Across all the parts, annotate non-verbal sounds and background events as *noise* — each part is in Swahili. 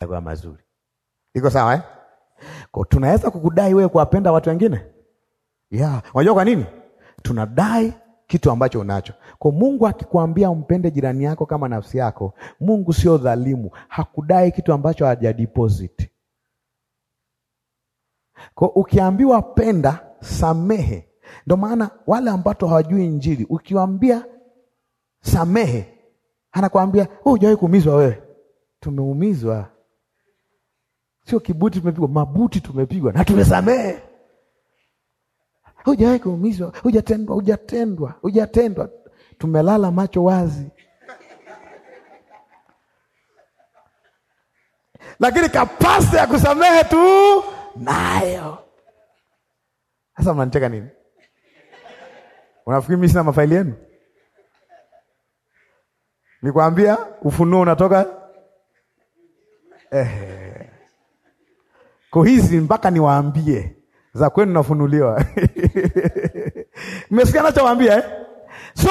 yatakuwa mazuri. Iko sawa eh? Kwa tunaweza kukudai wewe kuwapenda watu wengine? Yeah, unajua kwa nini? Tunadai kitu ambacho unacho. Kwa Mungu akikwambia umpende jirani yako kama nafsi yako, Mungu sio dhalimu, hakudai kitu ambacho haja deposit. Kwa ukiambiwa penda, samehe. Ndio maana wale ambato hawajui Injili, ukiwaambia samehe, anakuambia wewe oh, hujawahi kuumizwa, wewe tumeumizwa sio kibuti tumepigwa, mabuti tumepigwa na tumesamehe. Hujawahi kuumizwa, hujatendwa, hujatendwa, hujatendwa, tumelala macho wazi lakini kapasi ya kusamehe tu nayo. Sasa mnanicheka nini? Unafikiri mi sina mafaili yenu? Nikwambia ufunuo unatoka ehe ko hizi mpaka niwaambie za kwenu nafunuliwa. *laughs* Mmesikia nachowaambia eh? So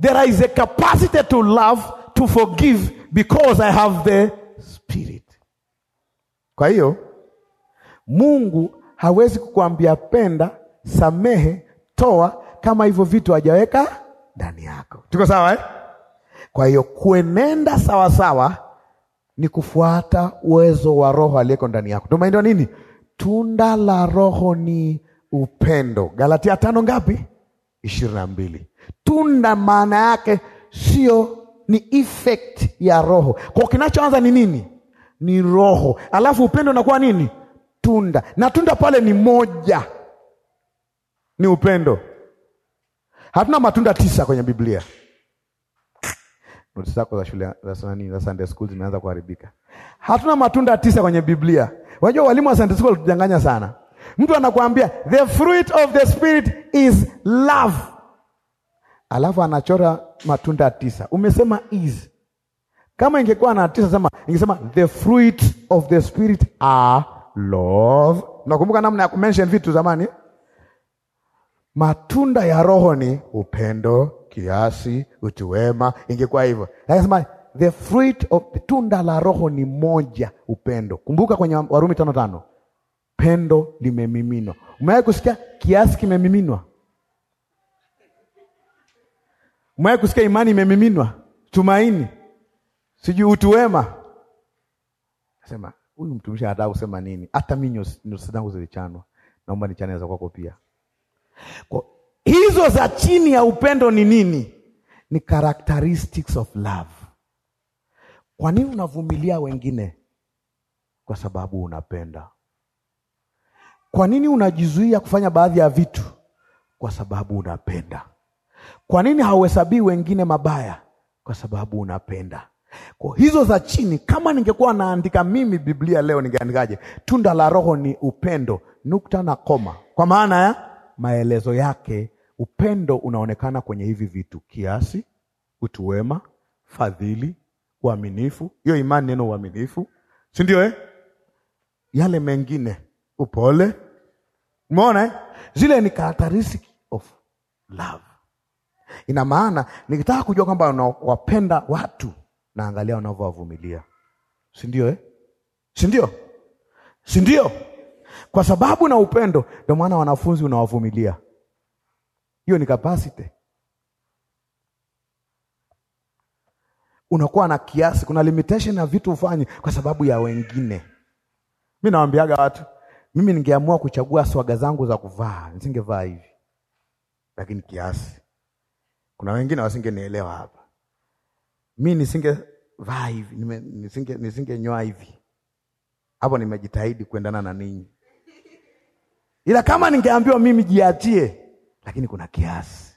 there is a capacity to love, to forgive because I have the spirit. Kwa hiyo Mungu hawezi kukuambia penda, samehe, toa kama hivyo vitu hajaweka ndani yako. Tuko sawa eh? Kwa hiyo kuenenda sawasawa ni kufuata uwezo wa Roho aliyeko ndani yako. Ndio maana nini tunda la Roho ni upendo. Galatia tano ngapi? ishirini na mbili. Tunda maana yake sio, ni effect ya Roho. Kwa kinachoanza ni nini? Ni Roho, alafu upendo unakuwa nini? Tunda, na tunda pale ni moja, ni upendo. Hatuna matunda tisa kwenye Biblia. Notisi zako za shule za Sunday school zimeanza kuharibika. Hatuna matunda tisa kwenye Biblia. Unajua walimu wa Sunday school tutudanganya sana. Mtu anakuambia the fruit of the spirit is love, alafu anachora matunda tisa. Umesema is. Kama ingekuwa na tisa sema, ingesema the fruit of the spirit are love. Nakumbuka namna ya kumention vitu zamani. Matunda ya Roho ni upendo, kiasi, utu wema, ingekuwa hivyo. Akasema the fruit of the tunda la Roho ni moja, upendo. Kumbuka kwenye Warumi tano tano pendo limemiminwa. Umewahi kusikia kiasi kimemiminwa? Umewahi kusikia imani imemiminwa, tumaini, sijui utu wema? Sema huyu mtumishi anataka kusema nini? Hata mi nyusi zangu zilichanwa, naomba nichaneza kwako pia kwa Hizo za chini ya upendo ni nini? Ni characteristics of love. Kwa nini unavumilia wengine? Kwa sababu unapenda. Kwa nini unajizuia kufanya baadhi ya vitu? Kwa sababu unapenda. Kwa nini hauhesabii wengine mabaya? Kwa sababu unapenda. Kwa hizo za chini, kama ningekuwa naandika mimi Biblia leo ningeandikaje? Tunda la Roho ni upendo, nukta na koma, kwa maana ya maelezo yake Upendo unaonekana kwenye hivi vitu: kiasi, utu wema, fadhili, uaminifu. Hiyo imani, neno uaminifu, si ndio eh? Yale mengine, upole. Umeona eh? Zile ni characteristic of love. Ina maana nikitaka kujua kwamba unawapenda watu, naangalia unavyowavumilia, si ndio eh? si ndio si ndio? Kwa sababu na upendo, ndio maana wanafunzi unawavumilia hiyo ni capacity. Unakuwa na kiasi, kuna limitation na vitu ufanye kwa sababu ya wengine. Mimi nawaambiaga watu, mimi ningeamua kuchagua swaga zangu za kuvaa, nisingevaa hivi, lakini kiasi. Kuna wengine wasingenielewa hapa, mi nisingevaa hivi, nisinge nisingenyoa hivi, hapo nimejitahidi kuendana na ninyi, ila kama ningeambiwa mimi jiachie lakini kuna kiasi.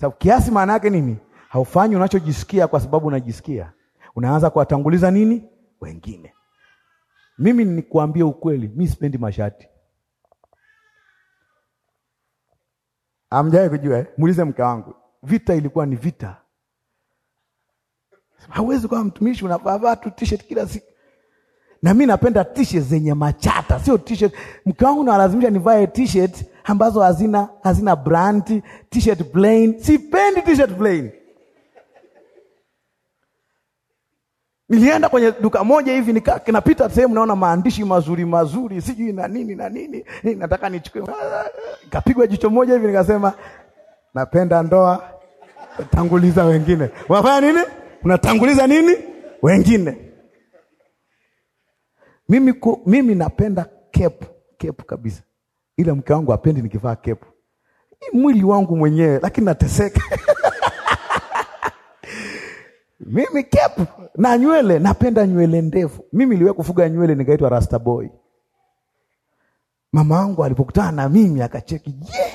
Sababu kiasi maana yake nini? Haufanyi unachojisikia kwa sababu unajisikia, unaanza kuwatanguliza nini wengine. Mimi nikuambie ukweli, mi sipendi mashati. Amjaye kujua eh? Muulize mke wangu, vita ilikuwa ni vita. Hauwezi kuwa mtumishi unavaa tu t-shirt kila siku na mi napenda t-shirt zenye machata, sio t-shirt. Mke wangu nawalazimisha nivae t-shirt ambazo hazina hazina brand, t-shirt plain. Sipendi t-shirt plain. Nilienda kwenye duka moja hivi nika kinapita sehemu naona maandishi mazuri mazuri, sijui na nini na nini, nataka nichukue. Kapigwa jicho moja hivi nikasema napenda ndoa, tanguliza wengine. Unafanya nini? Unatanguliza nini? Wengine. Mimi, ku, mimi napenda kepu kepu kabisa ila mke wangu apendi nikivaa kepu, mwili wangu mwenyewe, lakini nateseka *laughs* mimi kepu na nywele, napenda nywele ndefu. Mimi niliwahi kufuga nywele nikaitwa Rasta Boy. Mama wangu alipokutana na mimi akacheki, je, yeah!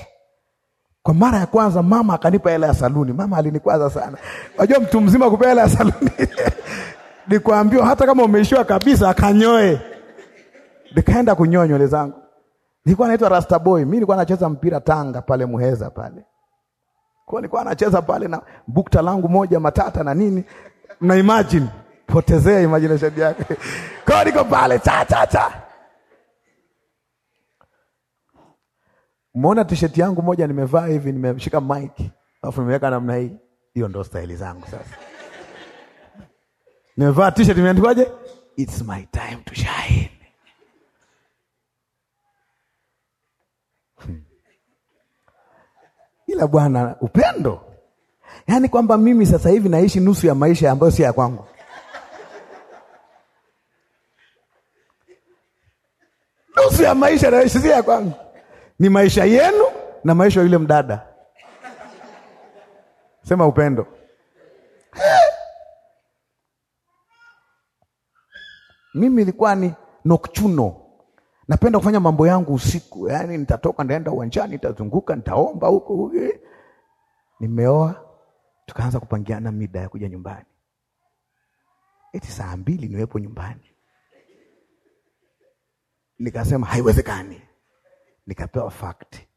Kwa mara ya kwanza mama akanipa hela ya saluni. Mama alinikwaza sana, unajua mtu mzima kupea hela ya saluni *laughs* nikwambiwa hata kama umeishiwa kabisa akanyoe. Nikaenda kunyoa nywele zangu Nilikuwa naitwa Rasta Boy. Mimi nilikuwa nacheza mpira Tanga pale Muheza pale. Kwa nilikuwa nacheza pale na bukta langu moja matata na nini? Na imagine potezea imagination yake. *laughs* Kwa niko pale cha cha cha. Umeona t-shirt yangu moja nimevaa hivi, nimeshika mic. Alafu nimeweka namna hii. Hiyo ndio style zangu sasa. Nimevaa t-shirt imeandikwaje? It's my time to shine. ila Bwana upendo, yaani kwamba mimi sasa hivi naishi nusu ya maisha ambayo si ya kwangu. nusu ya maisha naishi si ya kwangu, ni maisha yenu na maisha yule mdada. Sema upendo. Mimi ilikuwa ni nokchuno Napenda kufanya mambo yangu usiku, yaani nitatoka nitaenda uwanjani, nitazunguka, nitaomba huko huko. Nimeoa, tukaanza kupangiana mida ya kuja nyumbani, eti saa mbili niwepo nyumbani. Nikasema haiwezekani, nikapewa fakti.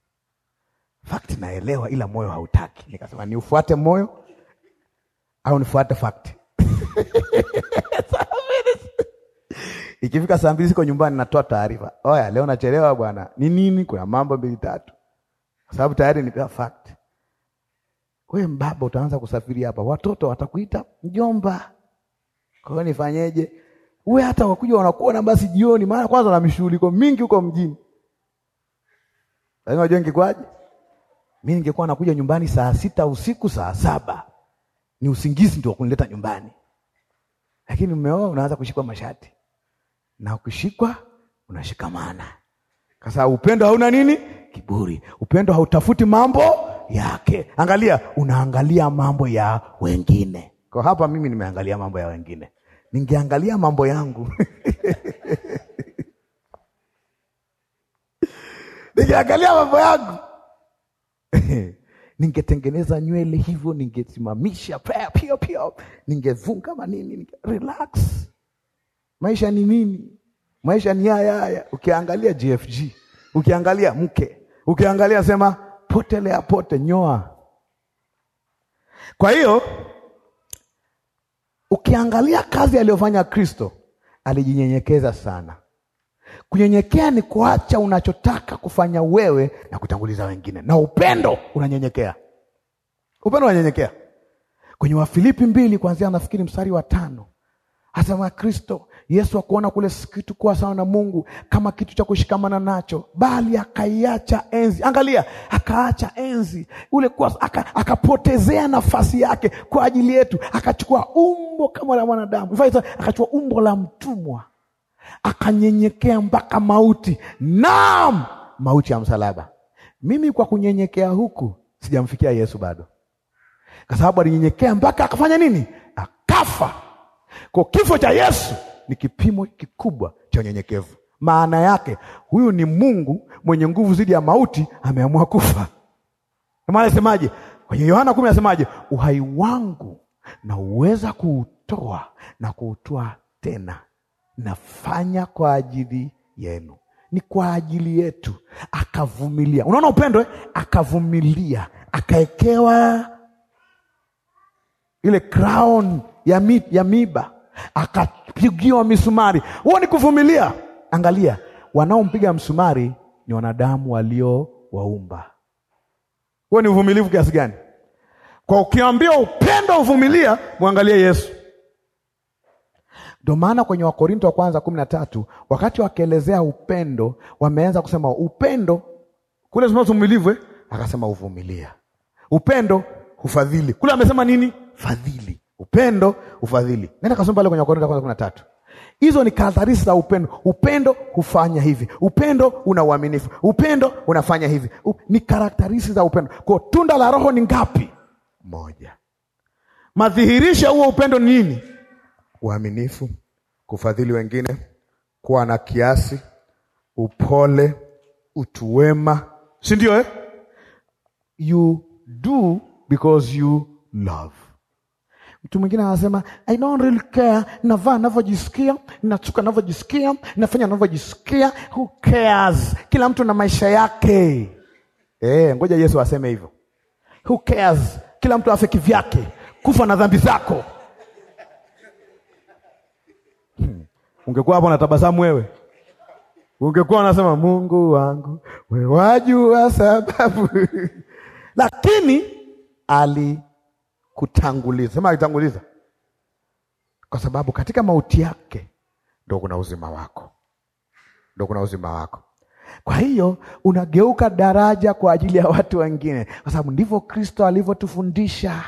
Fakti naelewa, ila moyo hautaki. Nikasema niufuate moyo au nifuate fakti *laughs* Ikifika saa mbili siko nyumbani, natoa taarifa, oya, leo nachelewa bwana, ni nini? Kuna mambo mbili tatu, kwa sababu tayari ni fact. Wewe mbaba utaanza kusafiri hapa, watoto watakuita mjomba. Kwa hiyo nifanyeje? Wewe hata wakuja wanakuona basi jioni, maana kwanza na mishughuliko mingi huko mjini. lakini jenge kwaje? Mimi ningekuwa nakuja nyumbani saa sita usiku saa saba ni usingizi ndio kunileta nyumbani, lakini mmeoa unaanza kushikwa mashati na ukishikwa unashikamana, kwa sababu upendo hauna nini? Kiburi. Upendo hautafuti mambo yake. Angalia, unaangalia mambo ya wengine. Kwa hapa mimi nimeangalia mambo ya wengine, ningeangalia mambo yangu *laughs* ningeangalia mambo yangu *laughs* ningetengeneza nywele hivyo, ningesimamisha pia pia, ningevunga manini, ninge relax Maisha ni nini? Maisha ni haya haya. Ukiangalia GFG, ukiangalia mke, ukiangalia sema potelea pote nyoa. Kwa hiyo ukiangalia kazi aliyofanya Kristo, alijinyenyekeza sana. Kunyenyekea ni kuacha unachotaka kufanya wewe na kutanguliza wengine, na upendo unanyenyekea. Upendo unanyenyekea. Kwenye Wafilipi mbili kuanzia nafikiri mstari wa tano asema Kristo Yesu akuona kule kitu kuwa sawa na Mungu kama kitu cha kushikamana nacho, bali akaiacha enzi. Angalia, akaacha enzi ule kuwa, aka, akapotezea nafasi yake kwa ajili yetu, akachukua umbo kama la mwanadamu, akachukua umbo la mtumwa, akanyenyekea mpaka mauti, naam, mauti ya msalaba. Mimi kwa kunyenyekea huku sijamfikia Yesu bado, kwa sababu alinyenyekea mpaka akafanya nini? Akafa. Kwa kifo cha Yesu ni kipimo kikubwa cha unyenyekevu. Maana yake huyu ni Mungu mwenye nguvu zidi ya mauti, ameamua kufa. Maana asemaje kwenye Yohana kumi? asemaje uhai wangu na uweza kuutoa na kuutoa tena, nafanya kwa ajili yenu, ni kwa ajili yetu. Akavumilia. Unaona upendo eh? Akavumilia, akaekewa ile crown ya, mi, ya miba akapigiwa misumari. Huo ni kuvumilia. Angalia, wanaompiga msumari ni wanadamu waumba. Huo ni uvumilivu kiasi gani? Kwa ukiambia upendo uvumilia, mwangalie Yesu. Ndio maana kwenye Wakorinto wa kwanza kumi na tatu wakati wakielezea upendo wameanza kusema upendo kule sema uvumilivu, eh? akasema uvumilia. Upendo hufadhili, kule amesema nini? Fadhili upendo, ufadhili. Nenda kasoma pale kwenye Wakorintho kwanza kumi na tatu. Hizo ni kadharisi za upendo. Upendo hufanya hivi, upendo una uaminifu, upendo unafanya hivi, ni karakterisi za upendo. Kwa tunda la Roho ni ngapi? Moja. Madhihirisho huo upendo ni nini? Uaminifu, kufadhili wengine, kuwa na kiasi, upole, utu wema, si ndio eh? You do because you love Mtu mwingine anasema I don't really care, navaa navyojisikia, nachuka navyojisikia, nafanya navyojisikia, who cares? Kila mtu na maisha yake. Eh, ngoja Yesu aseme hivyo, who cares? Kila mtu afe kivyake, kufa na dhambi zako. Hmm. Ungekuwa hapo unatabasamu wewe, ungekuwa unasema Mungu wangu, wewe wajua sababu *laughs* lakini ali kutanguliza. Sema alitanguliza, kwa sababu katika mauti yake ndo kuna uzima wako, ndo kuna uzima wako. Kwa hiyo unageuka daraja kwa ajili ya watu wengine, kwa sababu ndivyo Kristo alivyotufundisha.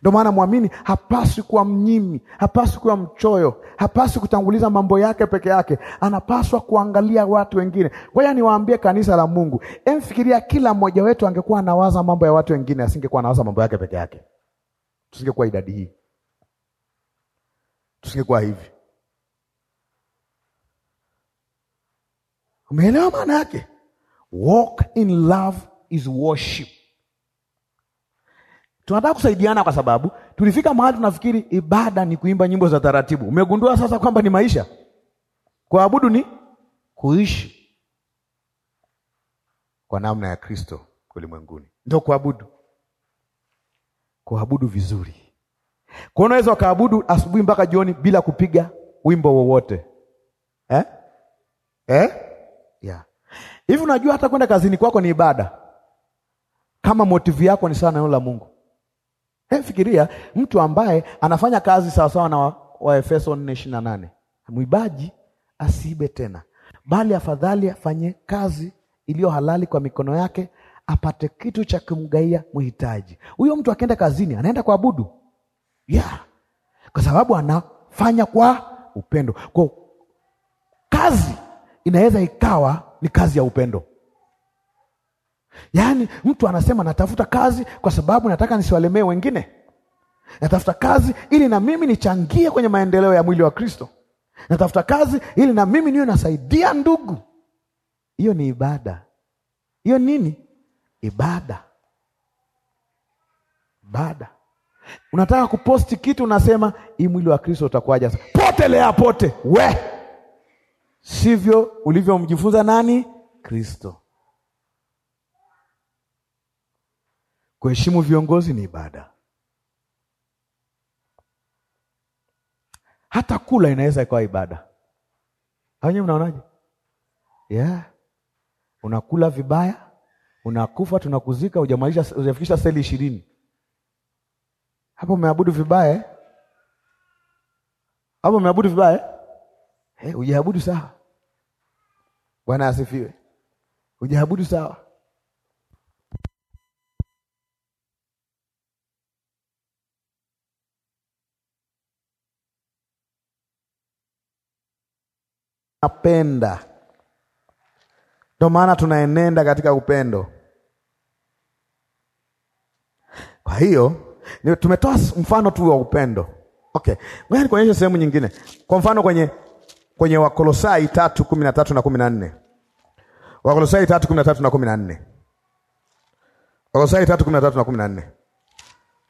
Ndio maana mwamini hapaswi kuwa mnyimi, hapaswi kuwa mchoyo, hapaswi kutanguliza mambo yake peke yake, anapaswa kuangalia watu wengine. Ngoja niwaambie kanisa la Mungu, emfikiria kila mmoja wetu angekuwa anawaza mambo ya watu wengine, asingekuwa anawaza mambo yake peke yake, tusingekuwa idadi hii, tusingekuwa hivi. Umeelewa maana yake? Walk in love is worship. Tunataka kusaidiana kwa sababu tulifika mahali tunafikiri ibada ni kuimba nyimbo za taratibu. Umegundua sasa kwamba ni maisha, kuabudu ni kuishi kwa namna ya Kristo ulimwenguni, ndio kuabudu. Kuabudu vizuri, kwa unaweza ukaabudu asubuhi mpaka jioni bila kupiga wimbo wowote eh? Eh? Yeah. Hivi unajua hata kwenda kazini kwako ni ibada, kama motivu yako ni sana neno la Mungu. Fikiria mtu ambaye anafanya kazi sawasawa na Waefeso wa nne ishirini na nane mwibaji asiibe tena, bali afadhali afanye kazi iliyo halali kwa mikono yake, apate kitu cha kumgaia mhitaji. Huyo mtu akienda kazini anaenda kuabudu yeah, kwa sababu anafanya kwa upendo. Kwa kazi inaweza ikawa ni kazi ya upendo. Yaani mtu anasema natafuta kazi kwa sababu nataka nisiwalemee wengine, natafuta kazi ili na mimi nichangie kwenye maendeleo ya mwili wa Kristo, natafuta kazi ili na mimi niwe nasaidia ndugu. Hiyo ni ibada. Hiyo nini? Ibada, ibada. Unataka kuposti kitu, unasema hii mwili wa Kristo utakuwaje? lea pote we, sivyo ulivyomjifunza nani? Kristo. Kuheshimu viongozi ni ibada. Hata kula inaweza ikawa ibada. Awenyewe mnaonaje? Yeah. Unakula vibaya, unakufa, tunakuzika, hujamalisha, hujafikisha seli ishirini, hapo umeabudu vibaya, eh? hapo umeabudu vibaya. Hey, eh? eh, sawa. Bwana asifiwe. Hujaabudu sawa Napenda, ndio maana tunaenenda katika upendo. Kwa hiyo tumetoa mfano tu wa upendo. Okay, ngoja nikuonyeshe sehemu nyingine. Kwa mfano kwenye kwenye Wakolosai tatu kumi na tatu na kumi na nne Wakolosai tatu kumi na tatu na kumi na nne Wakolosai tatu kumi na tatu na kumi na nne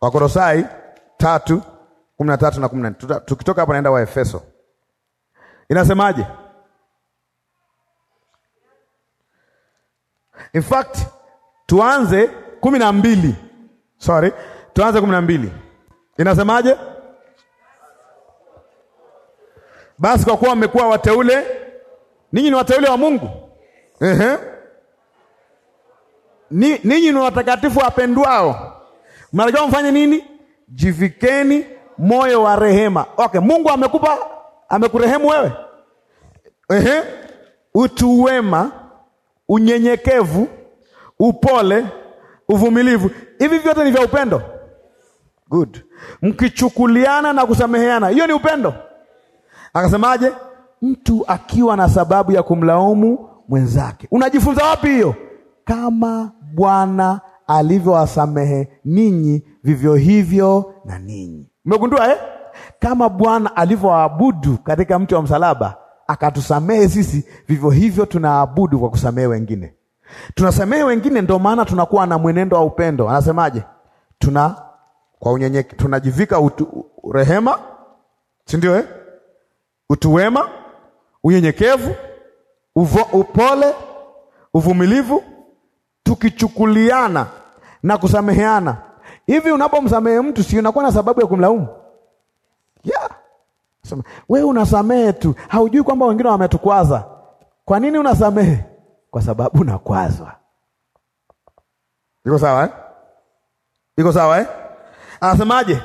Wakolosai tatu kumi na tatu na kumi na nne Tukitoka hapa naenda Waefeso, inasemaje? In fact tuanze kumi na mbili sorry, tuanze kumi na mbili inasemaje? Basi kwa kuwa mmekuwa wateule, ninyi ni wateule wa Mungu. Ehe, ninyi ni watakatifu wapendwao, mnatakiwa mfanye nini? Jivikeni moyo wa rehema. Okay, Mungu amekupa amekurehemu wewe, ehe, utu wema unyenyekevu, upole, uvumilivu. Hivi vyote ni vya upendo. Good. Mkichukuliana na kusameheana, hiyo ni upendo. Akasemaje? Mtu akiwa na sababu ya kumlaumu mwenzake, unajifunza wapi hiyo? Kama Bwana alivyowasamehe ninyi, vivyo hivyo na ninyi. Umegundua eh? Kama Bwana alivyoabudu katika mti wa msalaba akatusamehe sisi, vivyo hivyo tunaabudu kwa kusamehe wengine. Tunasamehe wengine, ndio maana tunakuwa na mwenendo wa upendo. Anasemaje? tuna kwa unyenye, tunajivika utu, rehema, si ndio eh? Utu wema, unyenyekevu, upole, uvumilivu, tukichukuliana na kusameheana. Hivi unapomsamehe mtu, si unakuwa na sababu ya kumlaumu? yeah. Sema wewe unasamehe tu, haujui kwamba wengine wametukwaza. Kwa nini unasamehe? Kwa sababu unakwazwa. Iko sawa eh? Iko sawa eh? Anasemaje?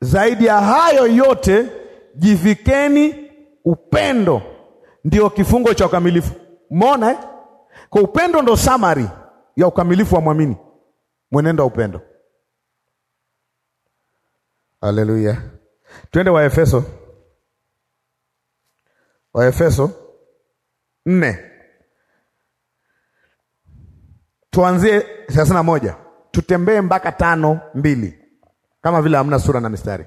Zaidi ya hayo yote jivikeni upendo, ndio kifungo cha ukamilifu. Umeona eh? Kwa upendo ndo summary ya ukamilifu wa mwamini, mwenendo wa upendo. Haleluya, twende wa Efeso Waefeso nne tuanzie thelathini na moja tutembee mpaka tano mbili kama vile hamna sura na mistari.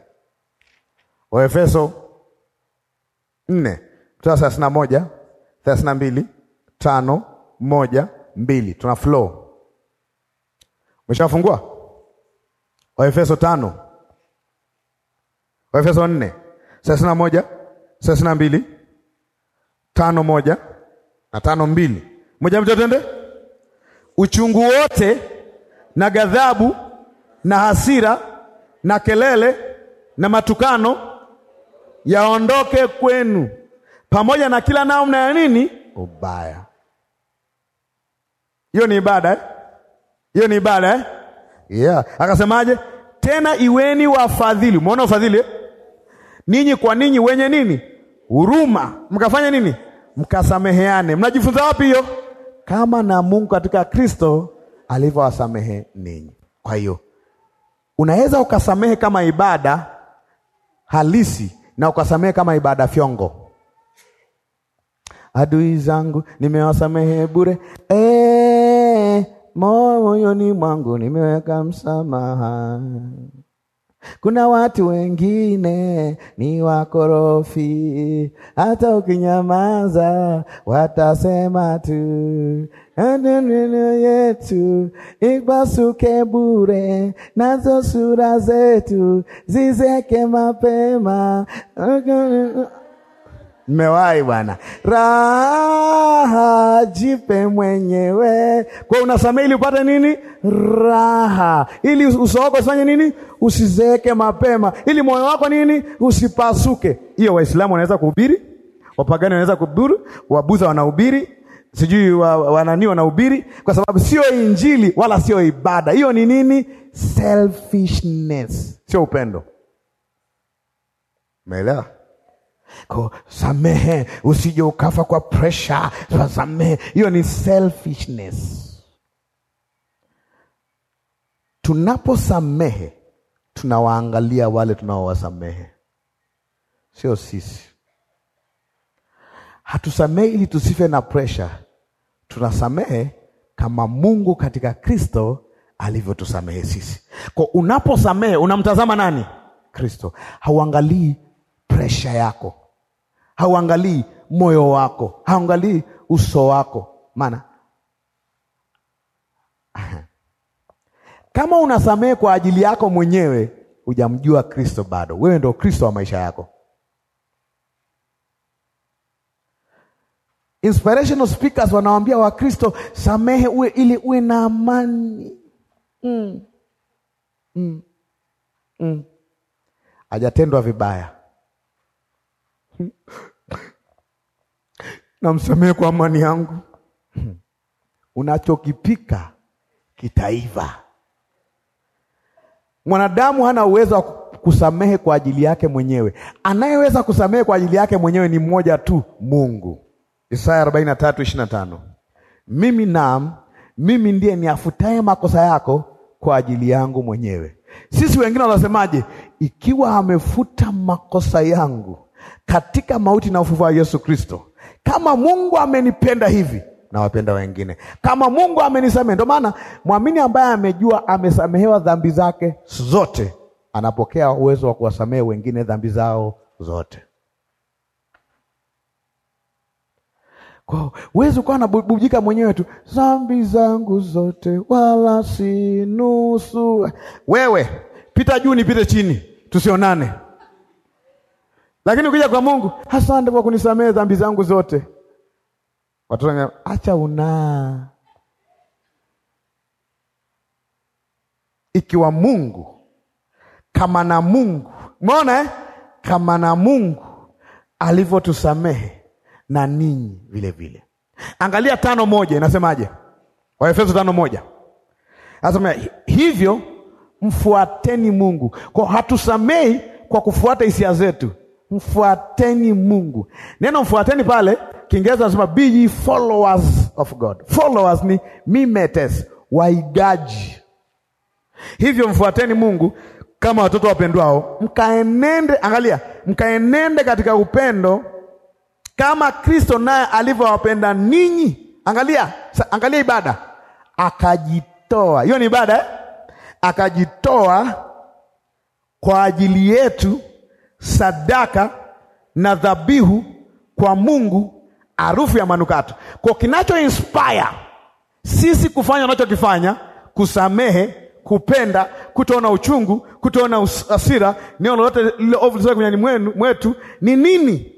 Waefeso nne tuta thelathini na moja thelathini na mbili tano moja mbili tuna flow. Umeshafungua Waefeso tano Waefeso nne thelathini na moja thelathini na mbili tano moja na tano mbili moja mtu atende Uchungu wote na ghadhabu na hasira na kelele na matukano yaondoke kwenu, pamoja na kila namna ya nini ubaya. Hiyo ni ibada eh? ni ibada eh? Yeah. Akasemaje tena, iweni wafadhili. Umeona ufadhili eh? ninyi kwa ninyi wenye nini huruma, mkafanya nini mkasameheane. Mnajifunza wapi hiyo? Kama na Mungu katika Kristo alivyowasamehe ninyi. Kwa hiyo unaweza ukasamehe kama ibada halisi na ukasamehe kama ibada fyongo. Adui zangu nimewasamehe bure, ee, moyoni mwangu nimeweka msamaha kuna watu wengine ni wakorofi, hata ukinyamaza watasema tu aneneno yetu igbasuke bure, nazo sura zetu zizeke mapema Mmewahi bwana. Raha jipe mwenyewe, kwa unasamehe ili upate nini? Raha, ili uso wako usifanye nini? Usizeeke mapema, ili moyo wako nini? Usipasuke. Hiyo Waislamu wanaweza kuhubiri, wapagani wanaweza kuhubiri, wabuza wanahubiri, sijui wanani wanahubiri, kwa sababu sio injili wala sio ibada. Hiyo ni nini? Selfishness, sio upendo. Umeelewa? ko samehe, usije ukafa kwa presha, samehe. Hiyo ni selfishness. Tunaposamehe tunawaangalia wale tunaowasamehe, sio sisi. Hatusamehe ili tusife na presha, tunasamehe kama Mungu katika Kristo alivyotusamehe sisi. Kwa unaposamehe unamtazama nani? Kristo. Hauangalii presha yako hauangalii moyo wako, hauangalii uso wako. Maana kama unasamehe kwa ajili yako mwenyewe, hujamjua Kristo bado. Wewe ndio Kristo wa maisha yako. Inspirational speakers wanawaambia Wakristo, samehe uwe ili uwe na amani. mm. mm. mm. Hajatendwa vibaya namsamehe kwa amani yangu. Unachokipika kitaiva. Mwanadamu hana uwezo wa kusamehe kwa ajili yake mwenyewe. Anayeweza kusamehe kwa ajili yake mwenyewe ni mmoja tu, Mungu. Isaya 43:25. Mimi nam mimi ndiye niafutaye makosa yako kwa ajili yangu mwenyewe. Sisi wengine wanasemaje? Ikiwa amefuta makosa yangu katika mauti na ufufuo wa Yesu Kristo. Kama Mungu amenipenda hivi, nawapenda wengine kama Mungu amenisamehe. Ndio maana mwamini ambaye amejua amesamehewa dhambi zake zote anapokea uwezo wa kuwasamehe wengine dhambi zao zote. Kwa uwezi ukawa nabubujika mwenyewe tu, dhambi zangu zote wala si nusu. Wewe pita juu, nipite chini, tusionane. Lakini ukija kwa Mungu, asante kwa kunisamehe dhambi zangu zote. Watoto wangu, acha una ikiwa Mungu kama na Mungu umeona eh? kama na Mungu alivyotusamehe na ninyi vile vile. Angalia tano moja inasemaje? Waefeso tano moja anasema hivyo, mfuateni Mungu. Kwa hatusamehi kwa kufuata hisia zetu, mfuateni Mungu. Neno mfuateni pale Kiingereza nasema be ye followers of God. Followers ni mimetes, waigaji. Hivyo mfuateni Mungu kama watoto wapendwao, mkaenende. Angalia, mkaenende katika upendo kama Kristo naye alivyowapenda ninyi. Angalia, angalia ibada, akajitoa. Hiyo ni ibada eh? Akajitoa kwa ajili yetu sadaka na dhabihu kwa Mungu harufu ya manukato. Kwa kinacho inspire sisi kufanya unachokifanya, kusamehe, kupenda, kutoona uchungu, kutoona hasira, neno lolote lililo kwenye mwetu ni nini?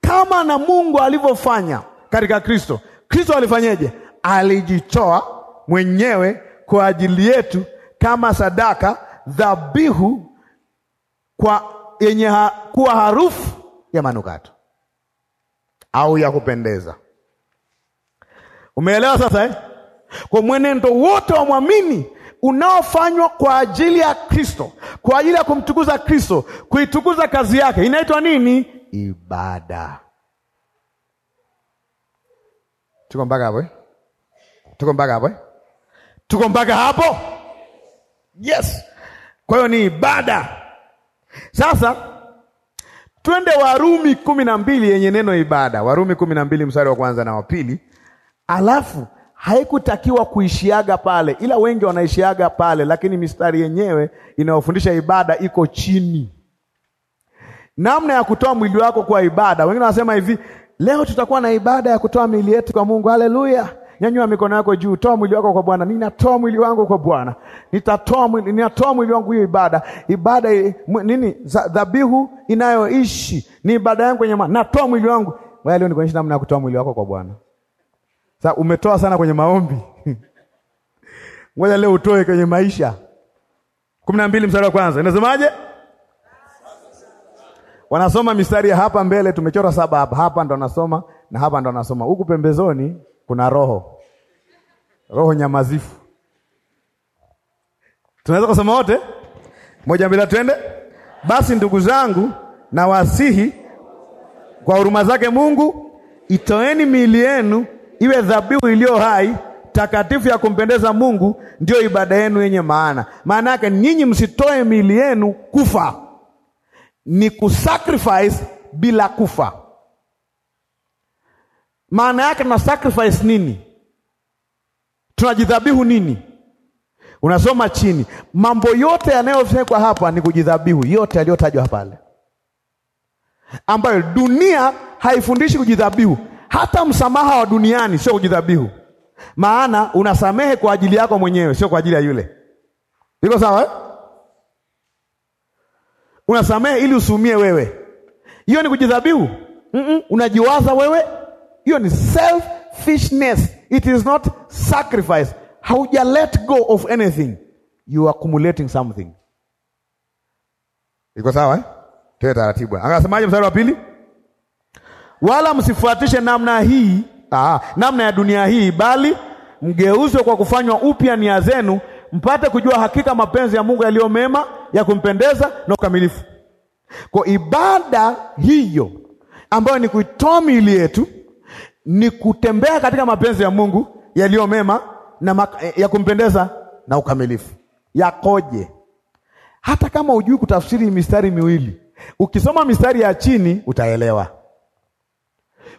Kama na Mungu alivyofanya katika Kristo. Kristo alifanyeje? Alijitoa mwenyewe kwa ajili yetu kama sadaka, dhabihu kwa yenye ha, kuwa harufu ya manukato au ya kupendeza. Umeelewa sasa eh? Kwa mwenendo wote wa mwamini unaofanywa kwa ajili ya Kristo, kwa ajili ya kumtukuza Kristo, kuitukuza kazi yake inaitwa nini? Ibada. Tuko mpaka hapo eh? Tuko mpaka hapo eh? Tuko mpaka hapo, yes. Kwa hiyo ni ibada sasa twende Warumi kumi na mbili yenye neno ibada. Warumi kumi na mbili mstari wa kwanza na wa pili. Alafu haikutakiwa kuishiaga pale, ila wengi wanaishiaga pale, lakini mistari yenyewe inayofundisha ibada iko chini, namna ya kutoa mwili wako kwa ibada. Wengine wanasema hivi, leo tutakuwa na ibada ya kutoa miili yetu kwa Mungu. Haleluya! nyanyua mikono yako juu, toa mwili wako kwa Bwana. Ninatoa mwili wangu kwa Bwana, nitatoa mwili, ninatoa mwili wangu. Hiyo ibada ibada eh, nini? Dhabihu inayoishi ni ibada yangu kwenye maana, natoa mwili wangu. Wewe leo nikuonyesha namna ya kutoa mwili wako kwa Bwana. Sasa umetoa sana kwenye maombi *laughs* ngoja leo utoe kwenye maisha. kumi na mbili mstari wa kwanza inasemaje? Wanasoma mistari ya hapa mbele, tumechora saba hapa hapa, ndo anasoma na hapa ndo anasoma huku pembezoni kuna roho roho nyamazifu. Tunaweza kusema wote moja bila twende. Basi ndugu zangu, na wasihi kwa huruma zake Mungu, itoeni miili yenu iwe dhabihu iliyo hai takatifu ya kumpendeza Mungu, ndio ibada yenu yenye maana. Maana yake nyinyi msitoe miili yenu kufa, ni kusacrifice bila kufa. Maana yake tuna sacrifice nini? Tunajidhabihu nini? Unasoma chini, mambo yote yanayowekwa hapa ni kujidhabihu, yote yaliyotajwa pale, ambayo dunia haifundishi kujidhabihu. Hata msamaha wa duniani sio kujidhabihu, maana unasamehe kwa ajili yako mwenyewe, sio kwa ajili ya yule. Iko sawa eh? Unasamehe ili usumie wewe, hiyo ni kujidhabihu. Mm -mm, unajiwaza wewe hiyo ni selfishness, it is not sacrifice. Hauja let go of anything, you are accumulating something. Iko sawa eh? Tuwe taratibu. Angasemaje mstari wa pili? Wala msifuatishe namna hii, ah, namna ya dunia hii, bali mgeuzwe kwa kufanywa upya nia zenu, mpate kujua hakika mapenzi ya Mungu yaliyo mema, ya kumpendeza na ukamilifu. Kwa ibada hiyo ambayo ni kuitoa miili yetu ni kutembea katika mapenzi ya Mungu yaliyo mema na eh, ya kumpendeza na ukamilifu. Yakoje? Hata kama hujui kutafsiri mistari miwili, ukisoma mistari ya chini utaelewa.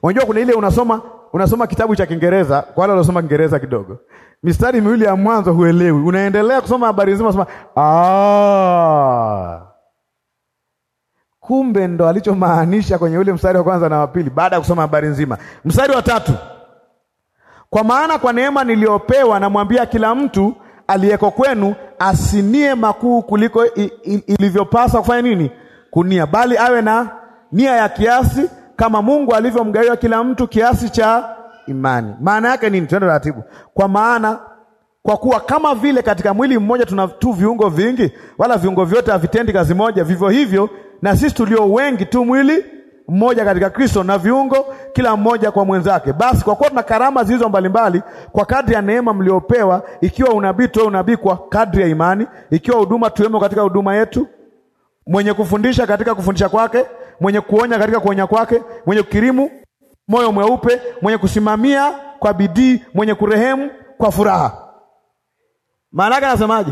Unajua kuna ile unasoma unasoma kitabu cha Kiingereza, kwa wale waliosoma Kiingereza kidogo, mistari miwili ya mwanzo huelewi, unaendelea kusoma habari nzima, unasema ah Kumbe ndo alichomaanisha kwenye ule mstari wa kwanza na wa pili, baada ya kusoma habari nzima. Mstari wa tatu, kwa maana kwa neema niliyopewa namwambia kila mtu aliyeko kwenu asinie makuu kuliko ilivyopasa kufanya nini, kunia, bali awe na nia ya kiasi, kama Mungu alivyomgawia kila mtu kiasi cha imani. Maana yake nini? Tuende taratibu. Kwa maana kwa kuwa kama vile katika mwili mmoja tuna tu viungo vingi, wala viungo vyote havitendi kazi moja, vivyo hivyo na sisi tulio wengi tu mwili mmoja katika Kristo, na viungo kila mmoja kwa mwenzake. Basi kwa kuwa tuna karama zilizo mbalimbali kwa kadri ya neema mliopewa, ikiwa unabii tuwe unabii kwa kadri ya imani, ikiwa huduma tuwemo katika huduma yetu, mwenye kufundisha katika kufundisha kwake, mwenye kuonya katika kuonya kwake, mwenye kukirimu moyo mweupe, mwenye kusimamia kwa bidii, mwenye kurehemu kwa furaha. Maana yake anasemaje?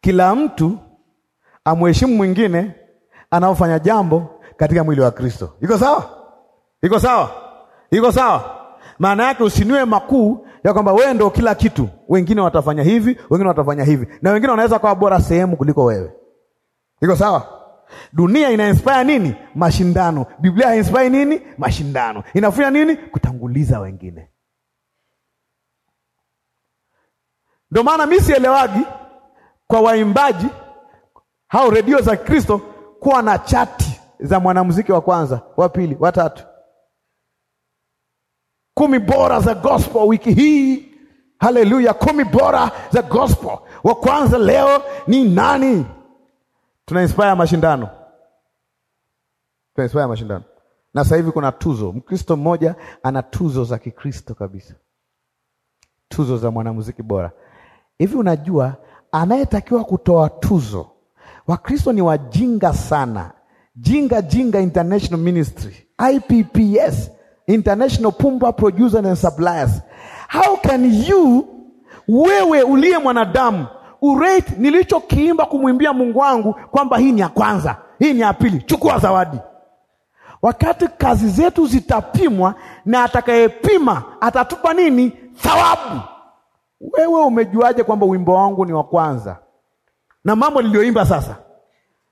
Kila mtu amheshimu mwingine anaofanya jambo katika mwili wa Kristo. Iko sawa? Iko sawa? Iko sawa? Maana yake usiniwe makuu ya kwamba wewe ndio kila kitu, wengine watafanya hivi, wengine watafanya hivi, na wengine wanaweza kuwa bora sehemu kuliko wewe. Iko sawa? Dunia ina inspire nini? Mashindano. Biblia inspire nini? Mashindano. Inafanya nini? Kutanguliza wengine. Ndio maana mimi sielewagi kwa waimbaji hao redio za Kristo kuwa na chati za mwanamuziki wa kwanza, wa pili, wa tatu, kumi bora za gospel wiki hii. Haleluya, kumi bora za gospel. Wa kwanza leo ni nani? Tuna inspire mashindano, tuna inspire mashindano, na sasa hivi kuna tuzo. Mkristo mmoja ana tuzo za Kikristo kabisa, tuzo za mwanamuziki bora. Hivi unajua anayetakiwa kutoa tuzo Wakristo ni wajinga sana, jinga jinga. International Ministry IPPS, International Pumba Producers and Suppliers. How can you, wewe uliye mwanadamu urate nilichokiimba kumwimbia Mungu wangu kwamba hii ni ya kwanza, hii ni ya pili, chukua zawadi, wakati kazi zetu zitapimwa na atakayepima atatupa nini? Thawabu. Wewe umejuaje kwamba wimbo wangu ni wa kwanza? na mambo niliyoimba sasa,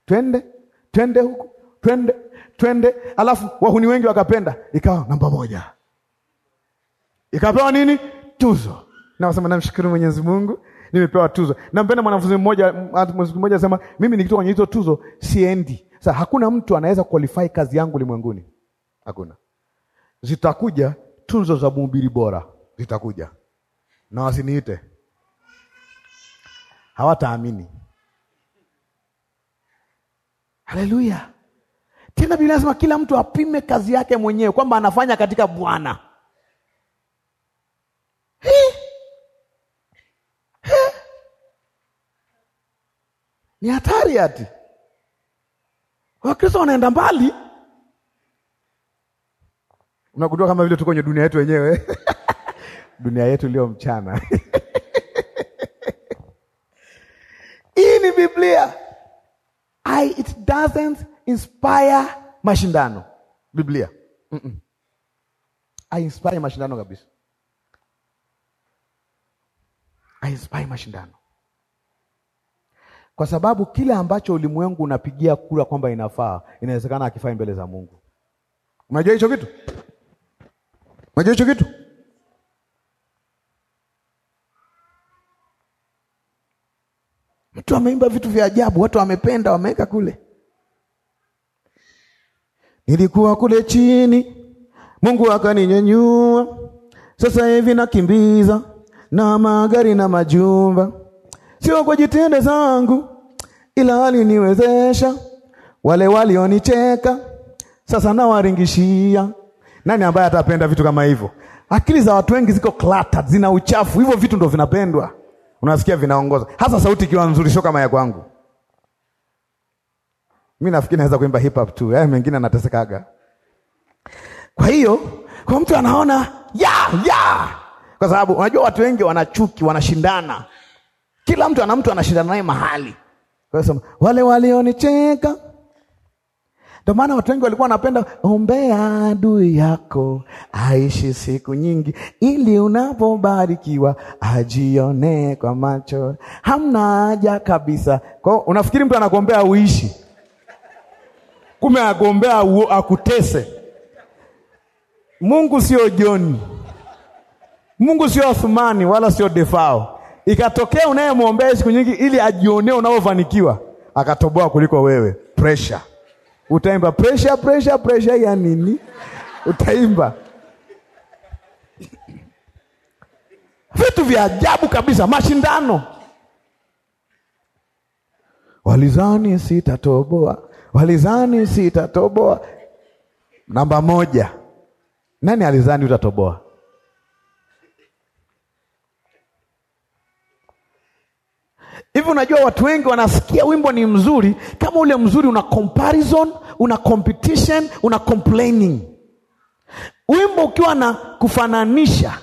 twende twende huku twende twende, alafu wahuni wengi wakapenda, ikawa namba moja, ikapewa nini tuzo. Nawasema namshukuru Mwenyezi Mungu, nimepewa tuzo. Nampenda mwanafunzi mmoja, mmoja sema mimi nikitoka kwenye hizo tuzo siendi. Sasa hakuna mtu anaweza kuqualify kazi yangu limwenguni, hakuna. Zitakuja tuzo za mhubiri bora, zitakuja na wasiniite, hawataamini. Haleluya! Tena Biblia inasema kila mtu apime kazi yake mwenyewe kwamba anafanya katika Bwana. Ni hatari ati Wakristo wanaenda mbali, unagundua kama vile tuko kwenye dunia yetu wenyewe *laughs* dunia yetu iliyo mchana *laughs* hii ni Biblia. I, it doesn't inspire mashindano Biblia. Mm -mm. I inspire mashindano kabisa. I inspire mashindano kwa sababu kile ambacho ulimwengu unapigia kura kwamba inafaa, inawezekana akifai mbele za Mungu. Unajua hicho kitu? Unajua hicho kitu? watu wameimba vitu vya ajabu, watu wamependa, wameweka kule. Nilikuwa kule chini, Mungu akaninyanyua, sasa hivi nakimbiza na magari na majumba, sio kwa jitihada zangu, ila aliniwezesha. Wale walionicheka sasa nawaringishia. Nani ambaye atapenda vitu kama hivyo? Akili za watu wengi ziko cluttered, zina uchafu. Hivyo vitu ndo vinapendwa unasikia vinaongoza, hasa sauti ikiwa nzuri, sio kama ya kwangu. Mi nafikiri naweza kuimba hip hop tu, haya eh, mengine anatesekaga. Kwa hiyo kwa mtu anaona ya ya, kwa sababu unajua watu wengi wanachuki, wanashindana, kila mtu ana mtu anashindana naye mahali. Kwa hiyo wale walionicheka ndio maana watu wengi walikuwa wanapenda ombea adui yako aishi siku nyingi, ili unapobarikiwa ajionee kwa macho. Hamna haja kabisa kwao. Unafikiri mtu anakuombea uishi, kume agombea akutese. Mungu sio Joni, Mungu sio athumani wala sio Defao. Ikatokea unayemwombea siku nyingi ili ajionee unavyofanikiwa, akatoboa kuliko wewe. Pressure Utaimba pressure pressure pressure ya nini? Utaimba vitu vya ajabu kabisa, mashindano. Walizani sitatoboa, walizani sitatoboa. Namba moja, nani alizani utatoboa? Hivi unajua watu wengi wanasikia wimbo ni mzuri, kama ule mzuri una comparison, una competition, una complaining. Wimbo ukiwa na kufananisha,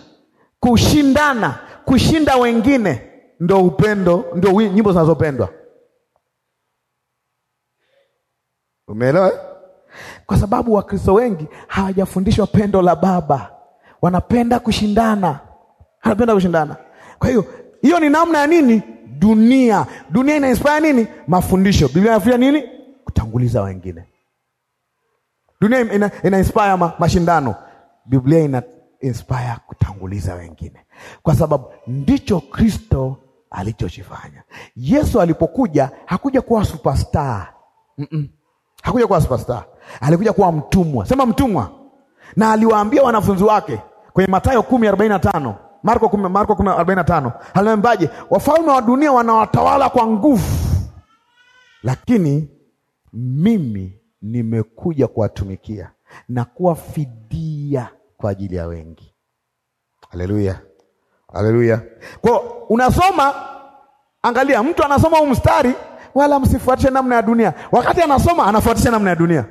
kushindana, kushinda wengine, ndo upendo, ndio nyimbo zinazopendwa. Umeelewa? Kwa sababu Wakristo wengi hawajafundishwa pendo la Baba, wanapenda kushindana, wanapenda kushindana. Kwa hiyo hiyo ni namna ya nini dunia. Dunia ina inspire nini? Mafundisho. Biblia inafundisha nini? Kutanguliza wengine. Dunia ina, ina inspire ma, mashindano. Biblia ina inspire kutanguliza wengine, kwa sababu ndicho Kristo alichokifanya. Yesu alipokuja hakuja kuwa superstar. Mm -mm. Hakuja kuwa superstar, alikuja kuwa mtumwa. Sema mtumwa, na aliwaambia wanafunzi wake kwenye Mathayo kumi arobaini na tano Marko 10 Marko 10:45 aliwaambiaje? Wafalme wa dunia wanawatawala kwa nguvu, lakini mimi nimekuja kuwatumikia na kuwa fidia kwa ajili ya wengi. Haleluya, haleluya! Kwa unasoma, angalia, mtu anasoma huu mstari, wala msifuatishe namna ya dunia. Wakati anasoma anafuatisha namna ya dunia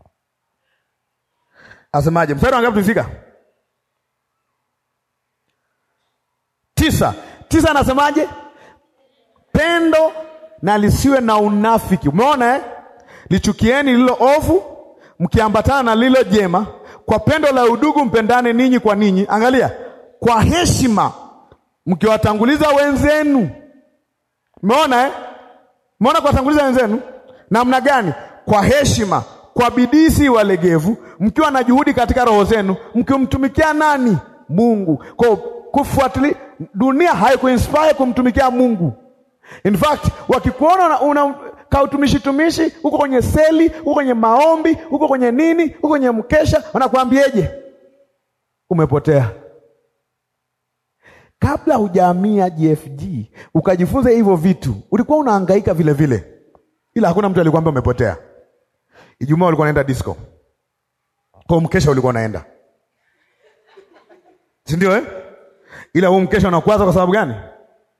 *laughs* asemaje? mstari wangapi tisa tisa anasemaje? Pendo na lisiwe na unafiki. Umeona eh? Lichukieni lilo ovu, mkiambatana na lilo jema, kwa pendo la udugu mpendane ninyi kwa ninyi. Angalia, kwa heshima mkiwatanguliza wenzenu. Umeona eh? Umeona kuwatanguliza wenzenu namna gani? Kwa heshima, kwa bidii, si walegevu, mkiwa na juhudi katika roho zenu, mkimtumikia nani? Mungu. Kwa kufuatili, dunia haikuinspire kumtumikia Mungu. In fact, wakikuona una kautumishi tumishi huko kwenye seli, huko kwenye maombi, huko kwenye nini, huko kwenye mkesha, wanakuambieje? Umepotea. Kabla hujaamia GFG ukajifunza hivyo vitu, ulikuwa unahangaika vile vile, ila hakuna mtu alikwambia umepotea. Ijumaa ulikuwa unaenda disco, kwa mkesha ulikuwa unaenda, si ndio eh? ila huu mkesha unakwaza kwa sababu gani?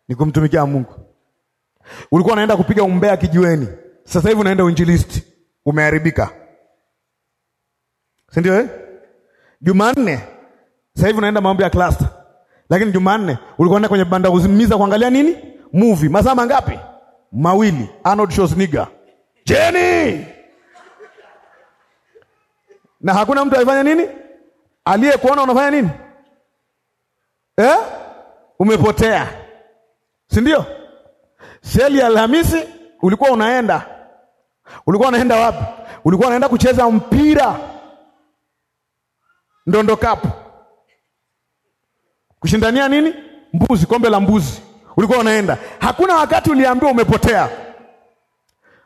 Ni kumtumikia Mungu. Ulikuwa unaenda kupiga umbea kijiweni, sasa hivi unaenda uinjilisti. Umeharibika, si ndio? Eh, Jumanne sasa hivi unaenda maombi ya klasta, lakini Jumanne ulikuwa unaenda kwenye banda kuzimiza kuangalia nini movie, masaa mangapi? Mawili. Arnold Schwarzenegger Jenny na hakuna mtu alifanya nini, aliyekuona unafanya nini eh? Umepotea, si ndio? Seli ya Alhamisi ulikuwa unaenda, ulikuwa unaenda wapi? Ulikuwa unaenda kucheza mpira Ndondo kapu, kushindania nini? Mbuzi, kombe la mbuzi. Ulikuwa unaenda, hakuna wakati uliambiwa umepotea.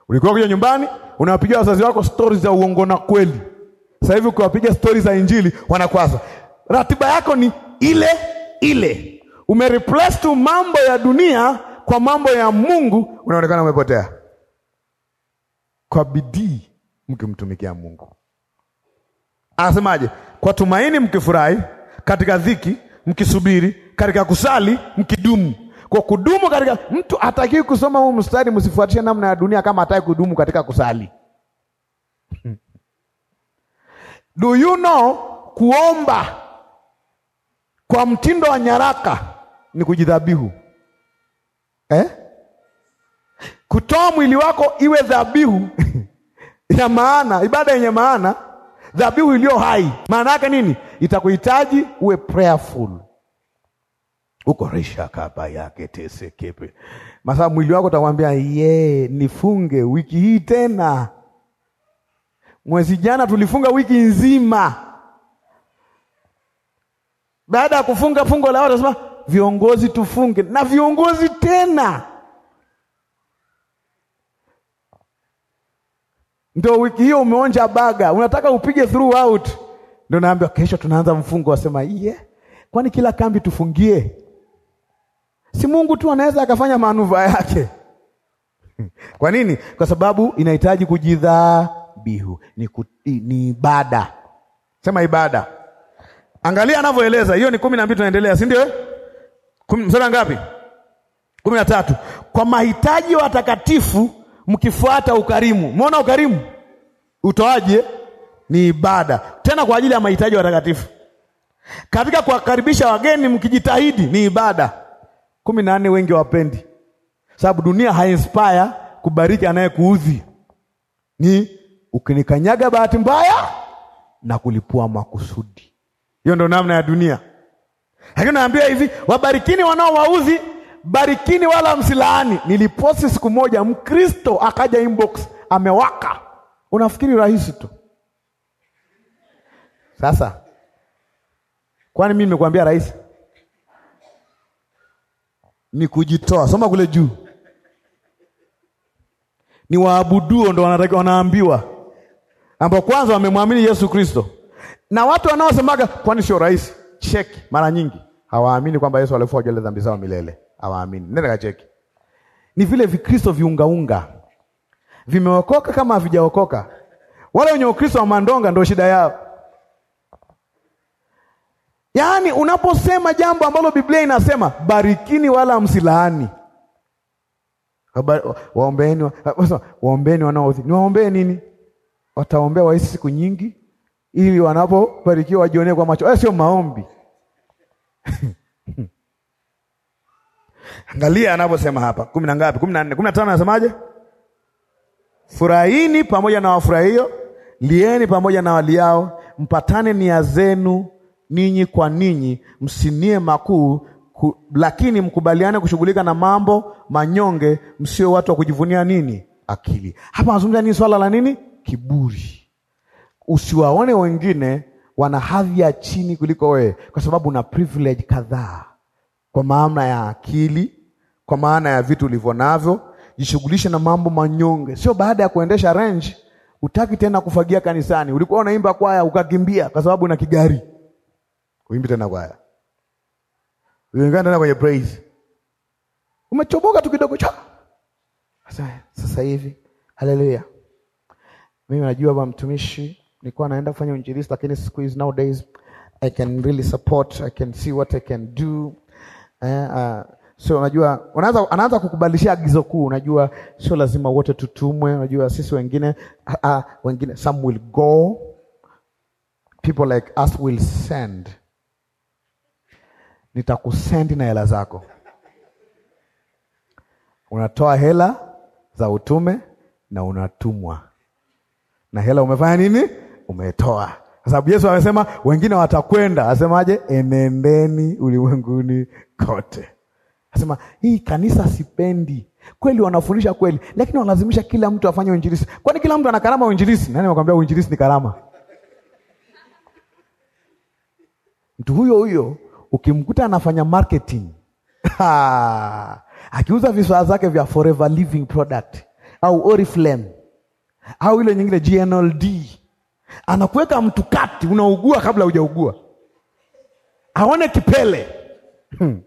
Ulikuwa kuja nyumbani, unawapigia wazazi wako stori za uongo na kweli. Sasa hivi ukiwapiga stori za Injili wanakwaza. Ratiba yako ni ile ile, umereplace tu mambo ya dunia kwa mambo ya Mungu, unaonekana umepotea. Kwa bidii mkimtumikia Mungu, anasemaje? Kwa tumaini mkifurahi, katika dhiki mkisubiri, katika kusali mkidumu. Kwa kudumu katika, mtu atakii kusoma huu mstari, msifuatishe namna ya dunia kama hataki kudumu katika kusali. *laughs* Do you know kuomba kwa mtindo wa nyaraka ni kujidhabihu eh? Kutoa mwili wako iwe dhabihu *laughs* ya maana, ibada yenye maana, dhabihu iliyo hai. Maana yake nini? Itakuhitaji uwe prayerful uko resha kaba yake tesekepe masaa mwili wako utakwambia ye, nifunge wiki hii tena. Mwezi jana tulifunga wiki nzima baada ya kufunga fungo la watu nasema viongozi tufunge na viongozi tena. Ndio wiki hiyo umeonja baga, unataka upige out, ndio naambiwa kesho tunaanza mfungo. Wasema iye yeah. Kwani kila kambi tufungie? Si Mungu tu anaweza akafanya manuva yake. *laughs* Kwa nini? Kwa sababu inahitaji kujidhabihu, bihu ni ibada. Sema ibada Angalia anavyoeleza hiyo ni kumi na mbili, tunaendelea, si ndio? Mstari ngapi? kumi na tatu. Kwa mahitaji ya watakatifu mkifuata ukarimu. Umeona ukarimu, utoaje? Ni ibada, tena kwa ajili ya mahitaji ya watakatifu. Katika kuwakaribisha wageni mkijitahidi, ni ibada. kumi na nne, wengi wapendi sababu dunia hainspire kubariki anayekuudhi, ni ukinikanyaga bahati mbaya na kulipua makusudi hiyo ndo namna ya dunia. Lakini naambia hivi, wabarikini wanaowauzi, barikini wala msilaani. Niliposti siku moja, Mkristo akaja inbox amewaka. Unafikiri rahisi tu? Sasa kwani mimi nimekuambia rahisi? Ni kujitoa. Soma kule juu, ni waabuduo ndo wanaambiwa, ambao kwanza wamemwamini Yesu Kristo na watu wanaosemaga kwani sio rahisi, cheki mara nyingi hawaamini kwamba Yesu alifua jele dhambi zao milele, hawaamini. Nenda kacheki, ni vile Vikristo viungaunga vimeokoka kama havijaokoka. Wale wenye Ukristo wa mandonga ndio shida yao. Yaani, unaposema jambo ambalo Biblia inasema barikini wala msilaani, waombeeni, waombeeni wanaoudhi, niwaombee nini? Wataombea waisi siku nyingi ili wanapobarikiwa wajionee kwa macho. sio maombi. *laughs* Angalia anavyosema hapa kumi na ngapi? kumi na nne kumi na tano anasemaje? Furahini pamoja na wafurahio, lieni pamoja na waliao, mpatane nia zenu ninyi kwa ninyi, msinie makuu ku, lakini mkubaliane kushughulika na mambo manyonge, msio watu wa kujivunia nini akili. Hapa anazungumza nini? Swala la nini? Kiburi usiwaone wengine wana hadhi ya chini kuliko wewe, kwa sababu una privilege kadhaa, kwa maana ya akili, kwa maana ya vitu ulivyo navyo. Jishughulishe na mambo manyonge, sio baada ya kuendesha range utaki tena kufagia kanisani. Ulikuwa unaimba kwaya ukakimbia kwa sababu una kigari, uimbi tena kwaya, uingana tena kwenye praise, umechoboka tu kidogo cha sasa hivi. Haleluya! Mimi najua ba mtumishi nilikuwa naenda kufanya uinjilisti, lakini siku hizi nowadays I can really support, I can see what I can do eh, uh, so unajua unaanza anaanza kukubadilishia agizo kuu. Unajua sio lazima wote tutumwe. Unajua sisi wengine uh, uh, wengine some will go, people like us will send. Nitakusend na hela zako, unatoa hela za utume na unatumwa na hela. Umefanya nini? umetoa. Kwa sababu Yesu amesema wengine watakwenda, asemaje? Enendeni ulimwenguni kote. Asema hii kanisa sipendi kweli, wanafundisha kweli, lakini wanalazimisha kila mtu afanye uinjilisi. Kwani kila mtu ana karama ya uinjilisi? Nani akwambia uinjilisi ni karama? Mtu huyo huyo ukimkuta anafanya marketing akiuza vifaa zake vya Forever Living Product au Oriflame au ile nyingine GNLD anakuweka mtu kati, unaugua kabla hujaugua, aone kipele hmm.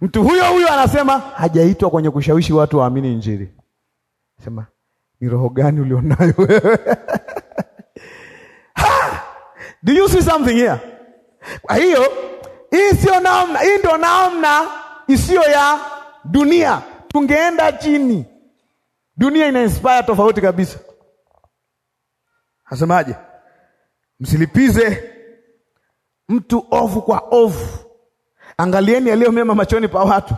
Mtu huyo huyo anasema hajaitwa kwenye kushawishi watu waamini Injili. Sema ni roho gani ulionayo wewe? *laughs* Do you see something here? Kwa hiyo hii sio namna, hii ndio namna isiyo ya dunia. Tungeenda chini, dunia ina inspire tofauti kabisa. Anasemaje? Msilipize mtu ovu kwa ovu, angalieni yaliyo mema machoni pa watu